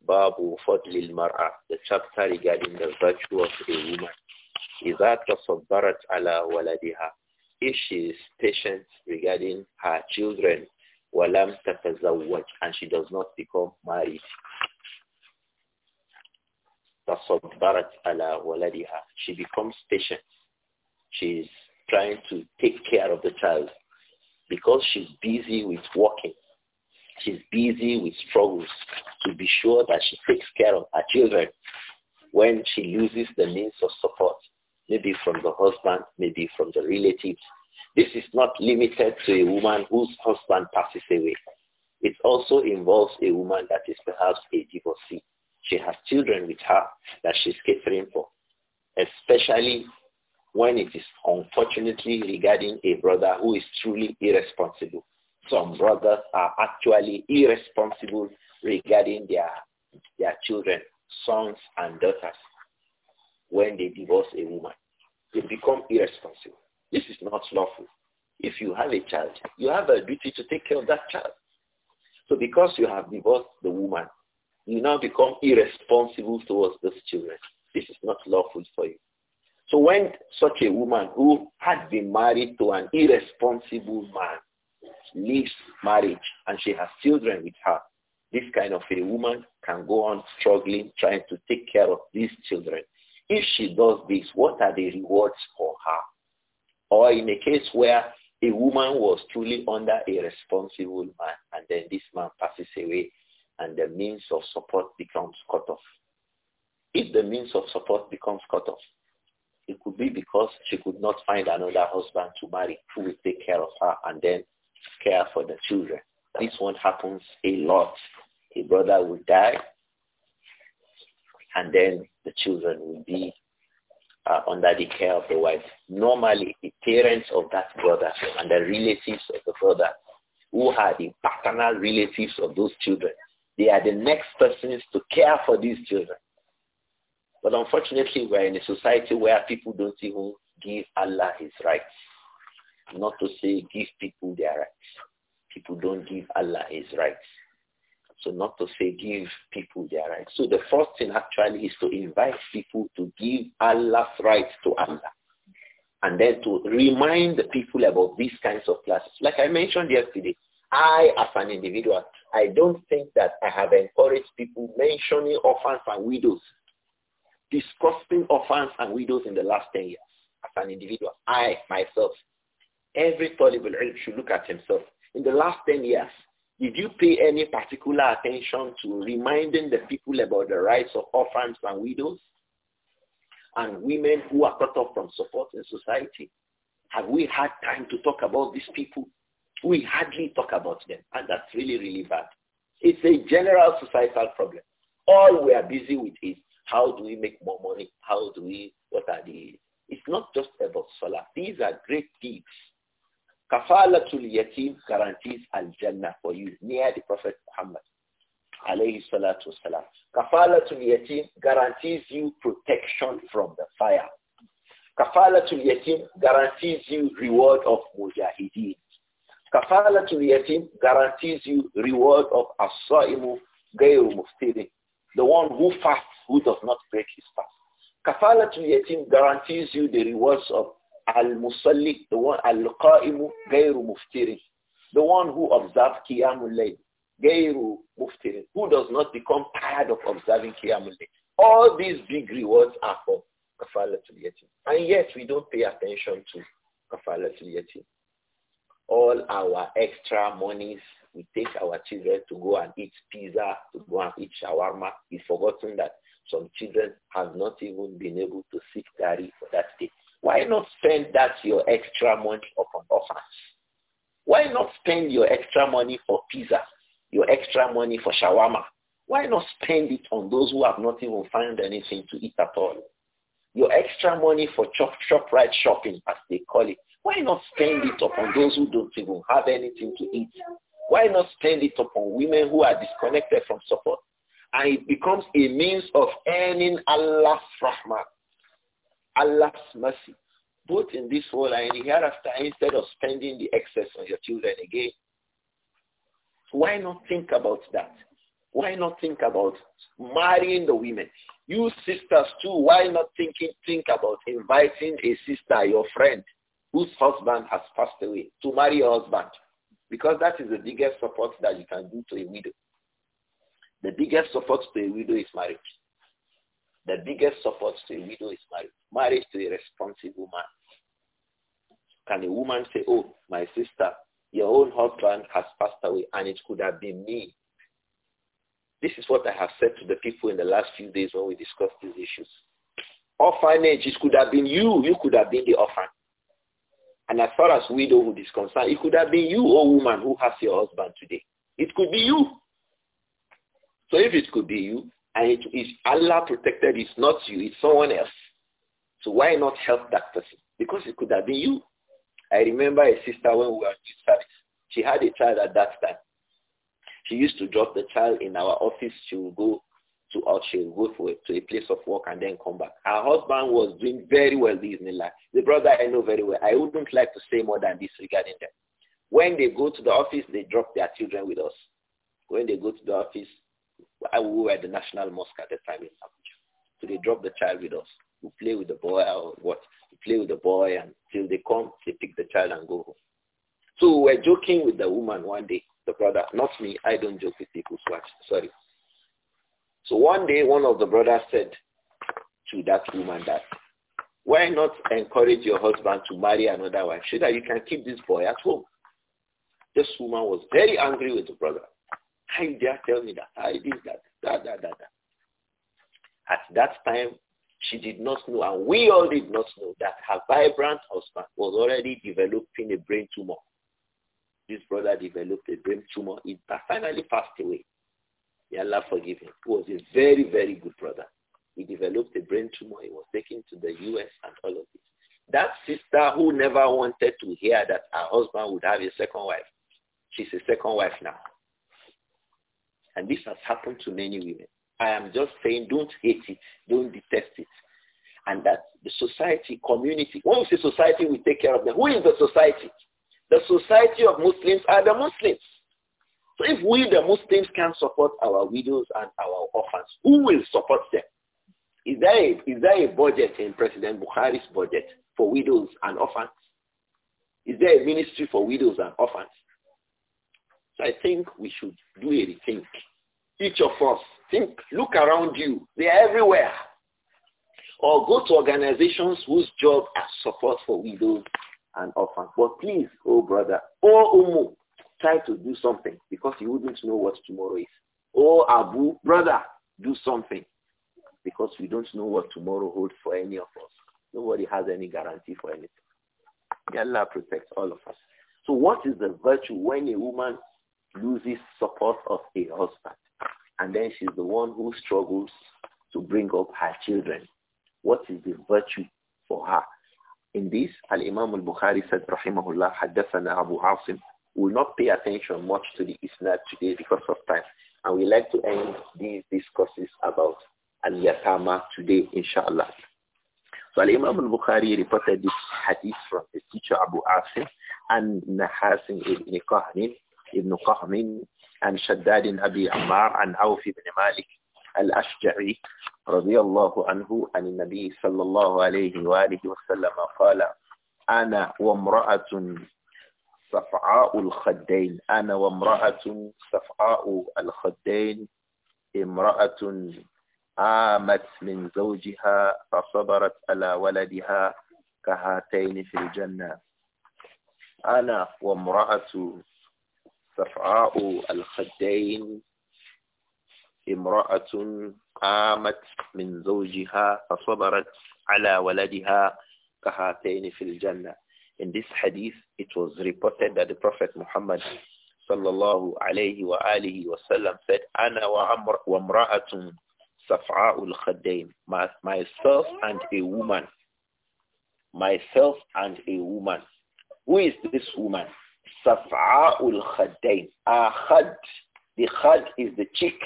باب فضل المرأة the chapter regarding the virtue of a woman إذا تصبرت على ولدها if she is patient regarding her children ولم تتزوج and she does not become married تصبرت على ولدها she becomes patient she is trying to take care of the child because she's busy with working. She's busy with struggles to be sure that she takes care of her children when she loses the means of support, maybe from the husband, maybe from the relatives. This is not limited to a woman whose husband passes away. It also involves a woman that is perhaps a divorcee. She has children with her that she's catering for, especially when it is unfortunately regarding a brother who is truly irresponsible. Some brothers are actually irresponsible regarding their, their children, sons and daughters when they divorce a woman. They become irresponsible. This is not lawful. If you have a child, you have a duty to take care of that child. So because you have divorced the woman, you now become irresponsible towards those children. This is not lawful for you. So when such a woman who had been married to an irresponsible man leaves marriage and she has children with her, this kind of a woman can go on struggling, trying to take care of these children. If she does this, what are the rewards for her? Or in a case where a woman was truly under a responsible man and then this man passes away and the means of support becomes cut off. If the means of support becomes cut off, it could be because she could not find another husband to marry who will take care of her and then care for the children. This one happens a lot. A brother will die and then the children will be uh, under the care of the wife. Normally, the parents of that brother and the relatives of the brother who are the paternal relatives of those children, they are the next persons to care for these children. But unfortunately, we're in a society where people don't even give Allah his rights. Not to say give people their rights. People don't give Allah his rights. So not to say give people their rights. So the first thing actually is to invite people to give Allah's rights to Allah. And then to remind people about these kinds of classes. Like I mentioned yesterday, I as an individual, I don't think that I have encouraged people mentioning orphans and widows discussing orphans and widows in the last 10 years as an individual. I, myself, every Talibul should look at himself. In the last 10 years, did you pay any particular attention to reminding the people about the rights of orphans and widows and women who are cut off from support in society? Have we had time to talk about these people? We hardly talk about them, and that's really, really bad. It's a general societal problem. All we are busy with is how do we make more money? How do we, what are the, it's not just about salah. These are great deeds. Kafalatul yatim guarantees al-jannah for you near the Prophet Muhammad alayhi salatu wasalam. Kafalatul yatim guarantees you protection from the fire. Kafalatul yatim guarantees you reward of mujahideen. Kafalatul yatim guarantees you reward of as-saimu ghayru muftirin. The one who fasts who does not break his fast. Kafalatul Yatim guarantees you the rewards of Al-Musalli, the one Al-Qa'imu Gairu muftirin, the one who observes Qiyamul Layl, Gairu muftirin. who does not become tired of observing Qiyamul Layl. All these big rewards are for Kafalatul Yatim. And yet we don't pay attention to Kafalatul Yatim. All our extra monies, we take our children to go and eat pizza, to go and eat shawarma. We've forgotten that some children have not even been able to seek diary for that day. Why not spend that your extra money upon orphans? Why not spend your extra money for pizza, your extra money for shawarma? Why not spend it on those who have not even found anything to eat at all? Your extra money for shop right shopping, as they call it. Why not spend it upon those who don't even have anything to eat? Why not spend it upon women who are disconnected from support? and it becomes a means of earning Allah's rahmah, Allah's mercy, both in this world and in hereafter, instead of spending the excess on your children again. Why not think about that? Why not think about marrying the women? You sisters too, why not thinking, think about inviting a sister, your friend, whose husband has passed away, to marry your husband? Because that is the biggest support that you can do to a widow the biggest support to a widow is marriage. The biggest support to a widow is marriage. Marriage to a responsible man. Can a woman say, oh, my sister, your own husband has passed away and it could have been me. This is what I have said to the people in the last few days when we discussed these issues. Orphanage, it could have been you. You could have been the orphan. And as far as widowhood is concerned, it could have been you, a oh, woman, who has your husband today. It could be you. So if it could be you, and it is Allah protected, it's not you, it's someone else. So why not help that person? Because it could have been you. I remember a sister when we were in service. She had a child at that time. She used to drop the child in our office. She would go to out. She would go for, to a place of work and then come back. Her husband was doing very well this in life. The brother I know very well. I wouldn't like to say more than this regarding them. When they go to the office, they drop their children with us. When they go to the office, we were at the National Mosque at the time in Abuja. So they drop the child with us. We play with the boy or uh, what? We play with the boy until they come, they pick the child and go home. So we were joking with the woman one day, the brother, not me, I don't joke with people. wives, sorry. So one day one of the brothers said to that woman that, why not encourage your husband to marry another wife so that you can keep this boy at home? This woman was very angry with the brother. How you dare tell me that? I did that? That, that, that, that. At that time, she did not know, and we all did not know, that her vibrant husband was already developing a brain tumor. This brother developed a brain tumor. He finally passed away. May Allah forgive him. He was a very, very good brother. He developed a brain tumor. He was taken to the U.S. and all of this. That sister who never wanted to hear that her husband would have a second wife, she's a second wife now. And this has happened to many women. I am just saying don't hate it, don't detest it. And that the society, community, when we say society, we take care of them. Who is the society? The society of Muslims are the Muslims. So if we, the Muslims, can support our widows and our orphans, who will support them? Is there a, is there a budget in President Buhari's budget for widows and orphans? Is there a ministry for widows and orphans? So I think we should do a rethink. Each of us, think, look around you. They are everywhere. Or go to organizations whose job are support for widows and orphans. But please, oh brother, oh umu, try to do something because you wouldn't know what tomorrow is. Oh Abu, brother, do something because we don't know what tomorrow holds for any of us. Nobody has any guarantee for anything. Allah protects all of us. So what is the virtue when a woman loses support of a husband. And then she's the one who struggles to bring up her children. What is the virtue for her? In this, Al-Imam al-Bukhari said, Rahimahullah, Haddathana Abu Asim. will not pay attention much to the Isnad today because of time. And we like to end these discourses about Al-Yatama today, inshallah. So Al-Imam al-Bukhari reported this hadith from his teacher Abu Asim and Nahasim ibn Qahnin ابن قهم عن شداد أبي عمار عن عوف بن مالك الأشجعي رضي الله عنه عن النبي صلى الله عليه وآله وسلم قال أنا وامرأة صفعاء الخدين أنا وامرأة صفعاء الخدين امرأة آمت من زوجها فصبرت على ولدها كهاتين في الجنة أنا وامرأة safa'u al-khaddain imra'atun qamat min zawjiha fasabarat ala waladiha kahatayn fil jannah in this hadith it was reported that the prophet muhammad sallallahu alayhi wa sallam said ana wa amr wa imra'atun al-khaddain myself and a woman myself and a woman who is this woman Safa'ul khaddain. Ahad. The khad is the cheek.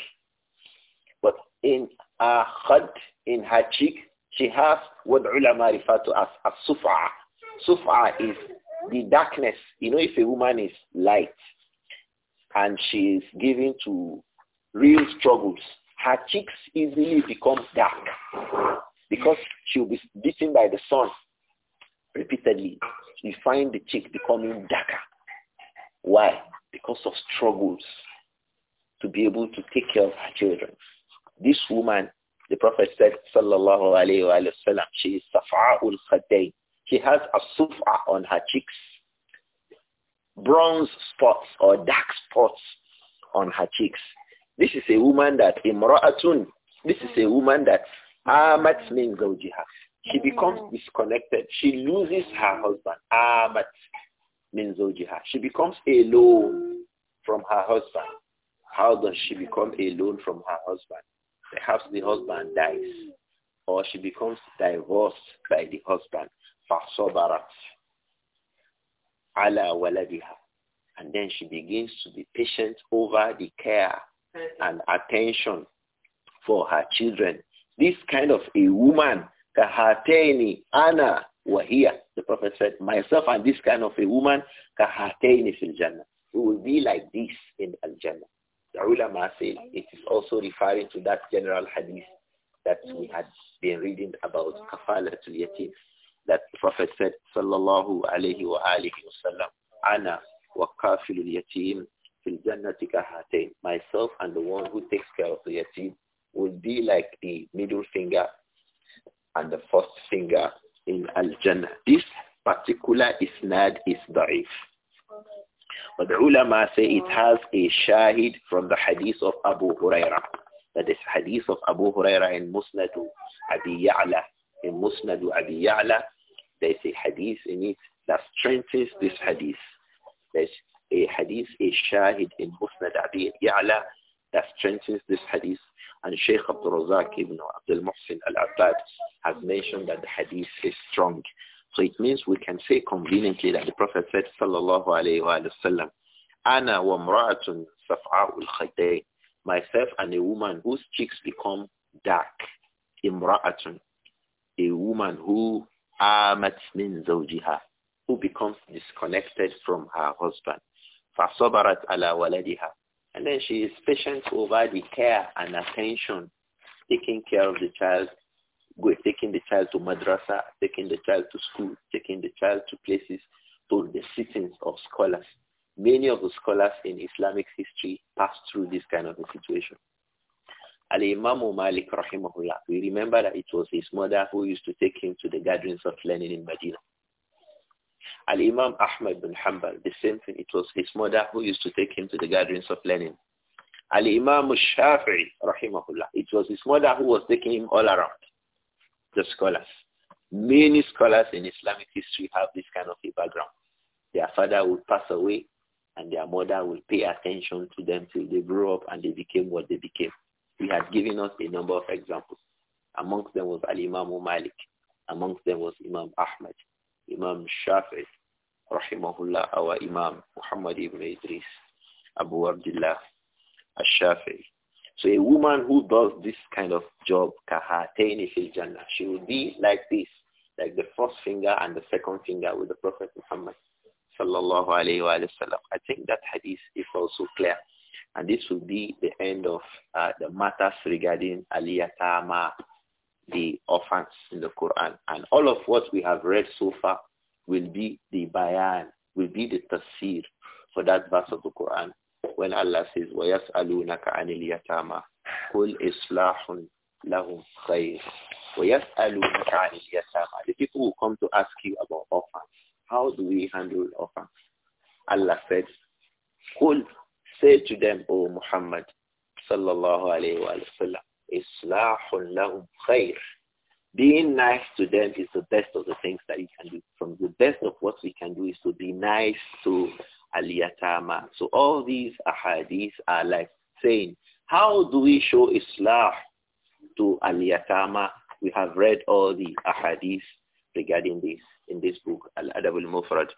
But in ahad, in her cheek, she has what ulama refer to as a sufa. Sufa is the darkness. You know, if a woman is light and she is given to real struggles, her cheeks easily become dark because she will be beaten by the sun repeatedly. You find the cheek becoming darker. Why? Because of struggles to be able to take care of her children. This woman, the Prophet said, sallallahu alayhi wa sallam, she is safa'ul khaddain. She has a sufa on her cheeks, bronze spots or dark spots on her cheeks. This is a woman that imra'atun. This is a woman that amat min zawjiha. She becomes mm. disconnected. She loses her husband. Amat min zawjiha. She becomes alone from her husband. How does she become alone from her husband? Perhaps the husband dies or she becomes divorced by the husband. Fasobarat ala waladiha. And then she begins to be patient over the care and attention for her children. This kind of a woman, كَهَاتَيْنِ ana wahia. The Prophet said, myself and this kind of a woman, is in jannah. We will be like this in al-jannah. The ulama said it is also referring to that general hadith that we had been reading about kafalatul yatim. That the Prophet said, sallallahu alayhi wa alihi wa ana wa kafilul yatim fil jannati kahatein. Myself and the one who takes care of the yatim will be like the middle finger and the first finger in Al-Jannah. This particular isnad is da'if. But the ulama say it has a shahid from the hadith of Abu Huraira. That is hadith of Abu Huraira in Musnadu Abi Ya'la. In Musnadu Abi Ya'la, there is a hadith in it that strengthens this hadith. There's a hadith, a shahid in Musnad Abi Ya'la that strengthens this hadith and Sheikh Abdul Razak ibn Abdul Muhsin al-Abbad has mentioned that the hadith is strong. So it means we can say conveniently that the Prophet said, sallallahu alayhi wa sallam, Ana wa mra'atun saf'a'ul khayday. Myself and a woman whose cheeks become dark. Imra'atun. A woman who amat min zawjiha. Who becomes disconnected from her husband. فصبرت على ولدها." And then she is patient over the care and attention, taking care of the child, taking the child to madrasa, taking the child to school, taking the child to places, to the sittings of scholars. Many of the scholars in Islamic history passed through this kind of a situation. Al-Imam Malik, rahimahullah, we remember that it was his mother who used to take him to the gatherings of learning in Medina. Al-Imam Ahmad bin Hanbal, the same thing. It was his mother who used to take him to the gatherings of learning. Al-Imam Shafi'i, rahimahullah, it was his mother who was taking him all around, the scholars. Many scholars in Islamic history have this kind of a background. Their father would pass away and their mother would pay attention to them till they grew up and they became what they became. He have given us a number of examples. Amongst them was Al-Imam Malik. Amongst them was Imam Ahmad. Imam Shafi, rahimahullah, our Imam Muhammad ibn Idris, Abu Abdullah al shafii So a woman who does this kind of job, kahatayni fil jannah, she will be like this, like the first finger and the second finger with the Prophet Muhammad sallallahu alayhi wa sallam. I think that hadith is also clear. And this will be the end of uh, the matters regarding aliyatama, the offens in the Quran. And all of what we have read so far will be the bayan, will be the tafsir for that verse of the Quran when Allah says, وَيَسْأَلُونَكَ عَنِ الْيَتَامَى قُلْ إِصْلَاحٌ لَهُم خَيْرٌ وَيَسْأَلُونَكَ عَنِ الْيَتَامَى The people will come to ask you about offens, How do we handle orphans? Allah said, قُلْ Say to them, O Muhammad, sallallahu alayhi wa sallam, being nice to them is the best of the things that you can do. From the best of what we can do is to be nice to Aliyatama. yatama So all these ahadith are like saying, how do we show islah to Aliyatama?" yatama We have read all the ahadith regarding this in this book, Al-Adab al-Mufrad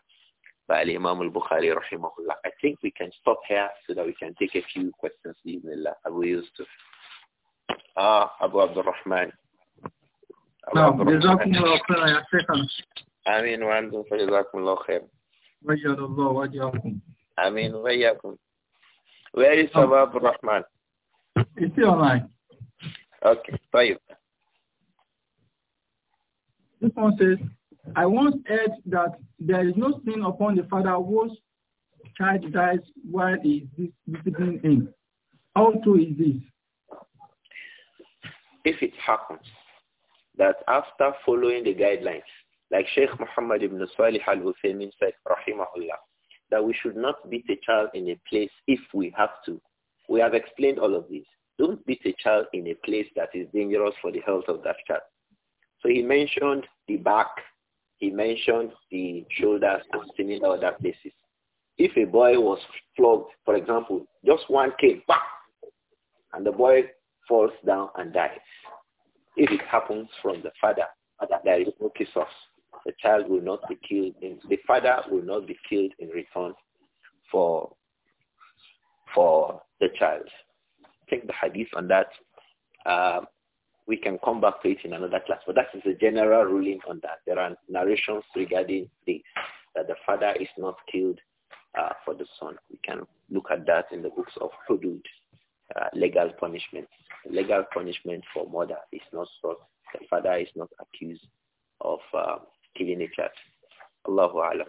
by Imam al-Bukhari rahimahullah. I think we can stop here so that we can take a few questions, bismillah. I will use to. Ah, Abu Abdul Rahman. نعم جزاكم الله خيرا يا شيخنا آمين وأنتم فجزاكم الله خير وجزا الله وجزاكم آمين وإياكم Where is Abu Abdul Rahman? It's still online. Okay, طيب This one says, I once heard that there is no sin upon the father whose child dies while he is disciplining him. How true is this? if it happens that after following the guidelines, like Sheikh Muhammad ibn Salih al-Uthaymeen said, rahimahullah, that we should not beat a child in a place if we have to. We have explained all of this. Don't beat a child in a place that is dangerous for the health of that child. So he mentioned the back, he mentioned the shoulders and similar other places. If a boy was flogged, for example, just one came, back, and the boy falls down and dies. If it happens from the father, there is no kisos. The child will not be killed. In, the father will not be killed in return for for the child. Take the hadith on that. Uh, we can come back to it in another class, but that is the general ruling on that. There are narrations regarding this, that the father is not killed uh, for the son. We can look at that in the books of Hudud uh, legal punishment. Legal punishment for murder is not sought. The father is not accused of uh, killing a child. Allahu Alam.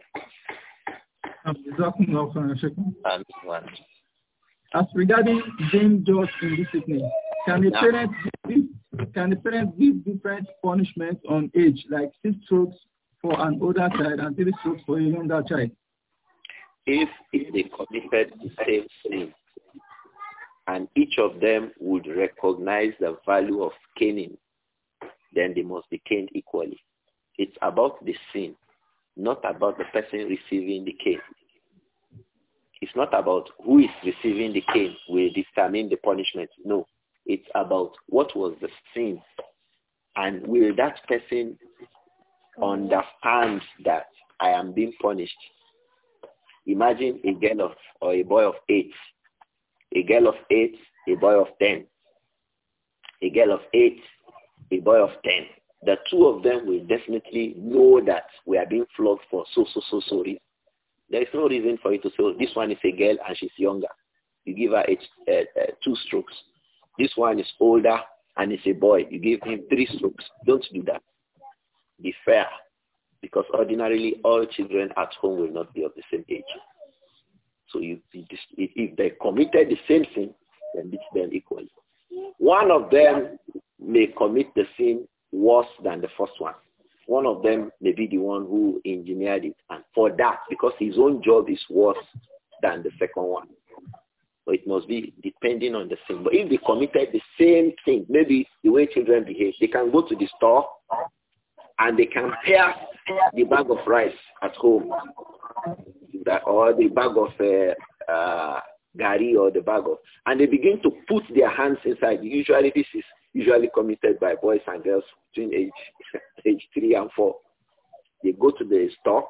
As regarding being judged in discipline, can the parents give, can the parents give different punishments on age, like six strokes for an older child and three strokes for a younger child? If, if they committed the same sin and each of them would recognize the value of caning, then they must be caned equally. It's about the sin, not about the person receiving the cane. It's not about who is receiving the cane will determine the punishment. No, it's about what was the sin and will that person understand that I am being punished. Imagine a girl of or a boy of eight a girl of eight, a boy of ten. A girl of eight, a boy of ten. The two of them will definitely know that we are being flogged for so, so, so, so reason. There is no reason for you to say, oh, this one is a girl and she's younger. You give her eight, uh, uh, two strokes. This one is older and it's a boy. You give him three strokes. Don't do that. Be fair. Because ordinarily, all children at home will not be of the same age. So if, if they committed the same sin, then beat them equally. One of them may commit the sin worse than the first one. One of them may be the one who engineered it. And for that, because his own job is worse than the second one. So it must be depending on the sin. But if they committed the same thing, maybe the way children behave, they can go to the store and they can pair the bag of rice at home that, or the bag of uh, uh, gari or the bag of, and they begin to put their hands inside. Usually this is usually committed by boys and girls between age, age three and four. They go to the store,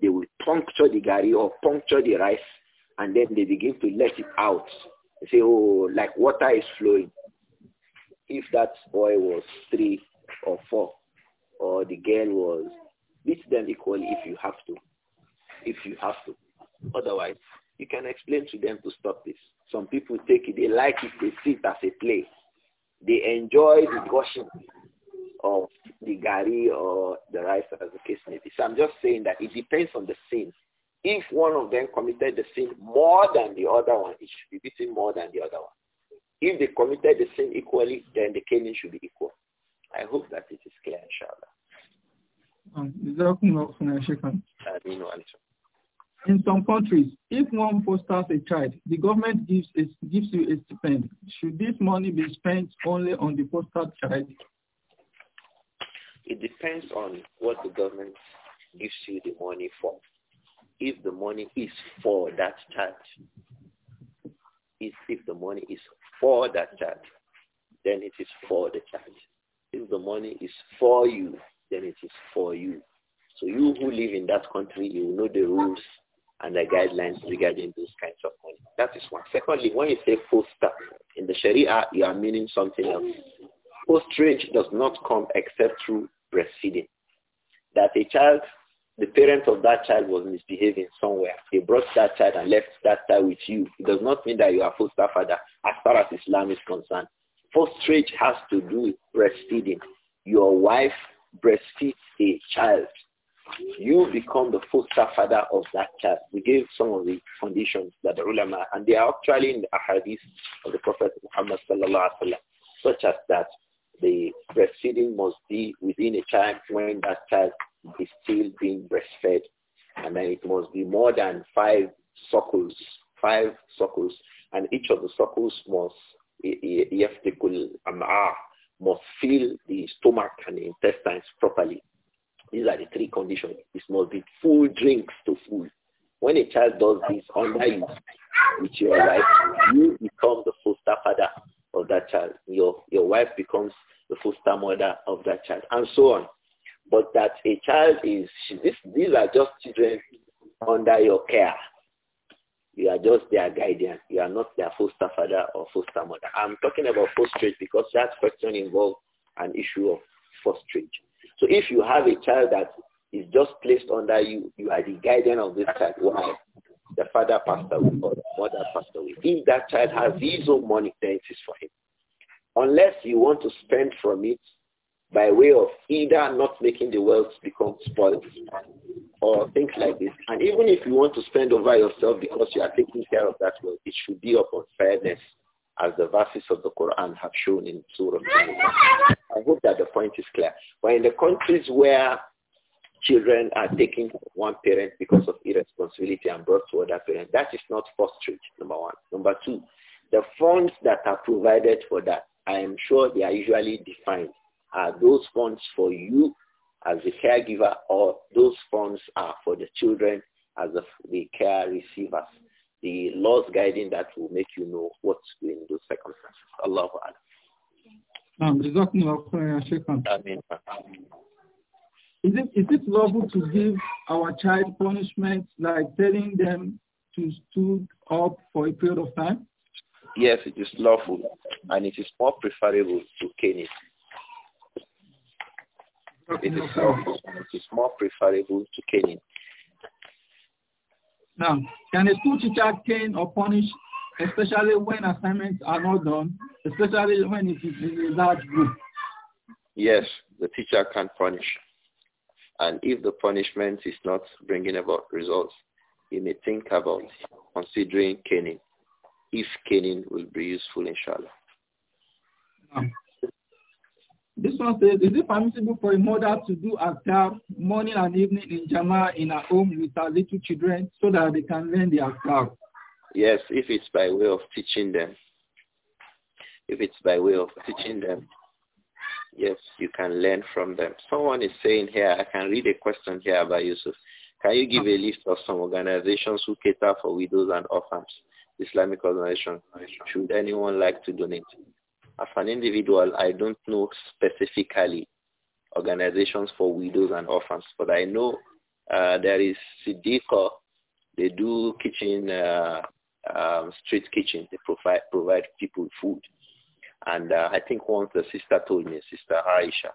they will puncture the gari or puncture the rice, and then they begin to let it out. They say, oh, like water is flowing. If that boy was three or four, or the girl was, beat them equally if you have to if you have to. Otherwise, you can explain to them to stop this. Some people take it, they like it, they see it as a play. They enjoy the gushing of the gari or the rice as the case may be. So I'm just saying that it depends on the sin. If one of them committed the sin more than the other one, it should be beaten more than the other one. If they committed the sin equally, then the caning should be equal. I hope that it is clear, inshallah. Um, in some countries, if one fosters a child, the government gives, a, gives you a stipend. Should this money be spent only on the fostered child? It depends on what the government gives you the money for. If the money is for that child, if, if the money is for that child, then it is for the child. If the money is for you, then it is for you. So you who live in that country, you know the rules and the guidelines regarding those kinds of money. That is one. Secondly, when you say foster in the Sharia, you are meaning something else. Posterage does not come except through breastfeeding. That a child, the parent of that child was misbehaving somewhere. They brought that child and left that child with you. It does not mean that you are foster father as far as Islam is concerned. Posterage has to do with breastfeeding. Your wife breastfeeds a child you become the foster father of that child. We gave some of the conditions that the ulama, and they are actually in the ahadith of the Prophet Muhammad sallallahu alaihi wasallam, such as that the breastfeeding must be within a time when that child is still being breastfed, and then it must be more than five circles, five circles, and each of the circles must must fill the stomach and intestines properly these are the three conditions. It must be full drinks to full. When a child does this under you, with your wife, you become the foster father of that child. Your, your wife becomes the foster mother of that child, and so on. But that a child is, this, these are just children under your care. You are just their guardian. You are not their foster father or foster mother. I'm talking about fosterage because that question involves an issue of fosterage. So if you have a child that is just placed under you, you are the guardian of this child. Why? The father passed away or the mother passed away. If that child has his own money, then it is for him. Unless you want to spend from it by way of either not making the wealth become spoiled or things like this. And even if you want to spend over yourself because you are taking care of that wealth, it should be upon fairness as the verses of the Quran have shown in Surah al I hope that the point is clear. But in the countries where children are taken one parent because of irresponsibility and brought to other parent, that is not fosterage, number one. Number two, the funds that are provided for that, I am sure they are usually defined. Are those funds for you as a caregiver or those funds are for the children as the care receivers? the laws guiding that will make you know what to do in those circumstances. Allahu Akbar. Um, is it, is it lawful to give our child punishment like telling them to stood up for a period of time? Yes, it is lawful and it is more preferable to cane it. It is lawful and it is more preferable to cane it now, can a school teacher cane or punish, especially when assignments are not done, especially when it is in a large group? Yes, the teacher can punish. And if the punishment is not bringing about results, he may think about considering caning, if caning will be useful, inshallah. This one says, is it permissible for a mother to do akar morning and evening in Jama in her home with her little children so that they can learn the akar? Yes, if it's by way of teaching them. If it's by way of teaching them. Yes, you can learn from them. Someone is saying here, I can read a question here about Yusuf. Can you give a list of some organizations who cater for widows and orphans? Islamic organization. Should anyone like to donate? As an individual, I don't know specifically organizations for widows and orphans, but I know uh, there is Siddiqa. They do kitchen, uh, um, street kitchen. They provide, provide people food. And uh, I think once the sister told me, Sister Aisha,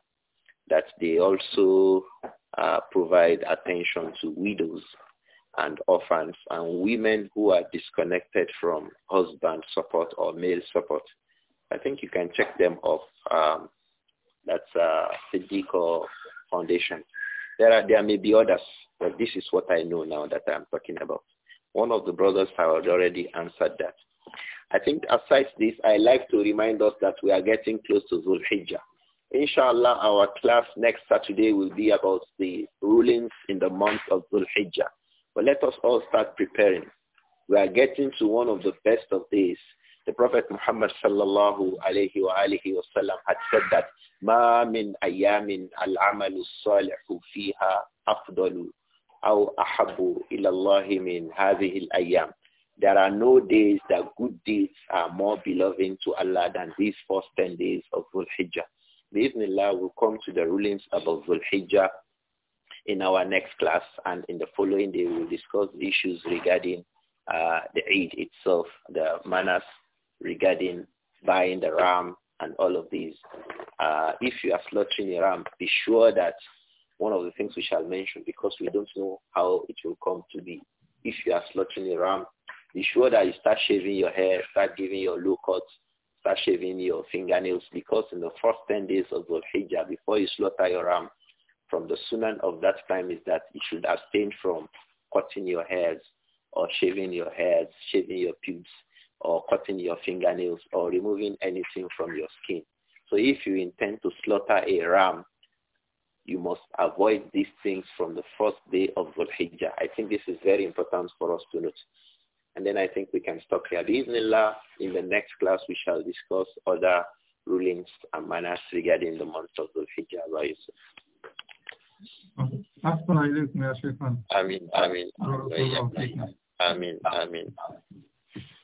that they also uh, provide attention to widows and orphans and women who are disconnected from husband support or male support. I think you can check them off. Um, that's uh, Siddiqo Foundation. There are there may be others, but this is what I know now that I'm talking about. One of the brothers have already answered that. I think aside this, I like to remind us that we are getting close to Zul Hijjah. Inshallah, our class next Saturday will be about the rulings in the month of Zul Hijjah. But let us all start preparing. We are getting to one of the best of days the Prophet Muhammad sallallahu alayhi wa alihi wa sallam had said that, مَا مِنْ أَيَّامٍ الْعَمَلُ الصَّالِحُ فِيهَا أَفْضَلُ أَوْ أَحَبُّ إِلَى اللَّهِ مِنْ هَذِهِ الْأَيَّامِ There are no days that good deeds are more beloved to Allah than these first 10 days of Dhul Hijjah. Bismillah, we'll come to the rulings about Dhul Hijjah in our next class and in the following day we'll discuss issues regarding uh, the Eid itself, the manners regarding buying the ram and all of these. Uh, if you are slaughtering a ram, be sure that one of the things we shall mention, because we don't know how it will come to be. If you are slaughtering a ram, be sure that you start shaving your hair, start giving your low cuts, start shaving your fingernails, because in the first 10 days of the Hijjah, before you slaughter your ram, from the sunan of that time is that you should abstain from cutting your hairs or shaving your hairs, shaving your pubes, or cutting your fingernails or removing anything from your skin. So if you intend to slaughter a ram, you must avoid these things from the first day of Dhul Hijjah. I think this is very important for us to note. And then I think we can stop here. Bismillah, in the next class we shall discuss other rulings and manners regarding the month of Dhul Hijjah by Yusuf. Ameen, ameen, ameen, ameen.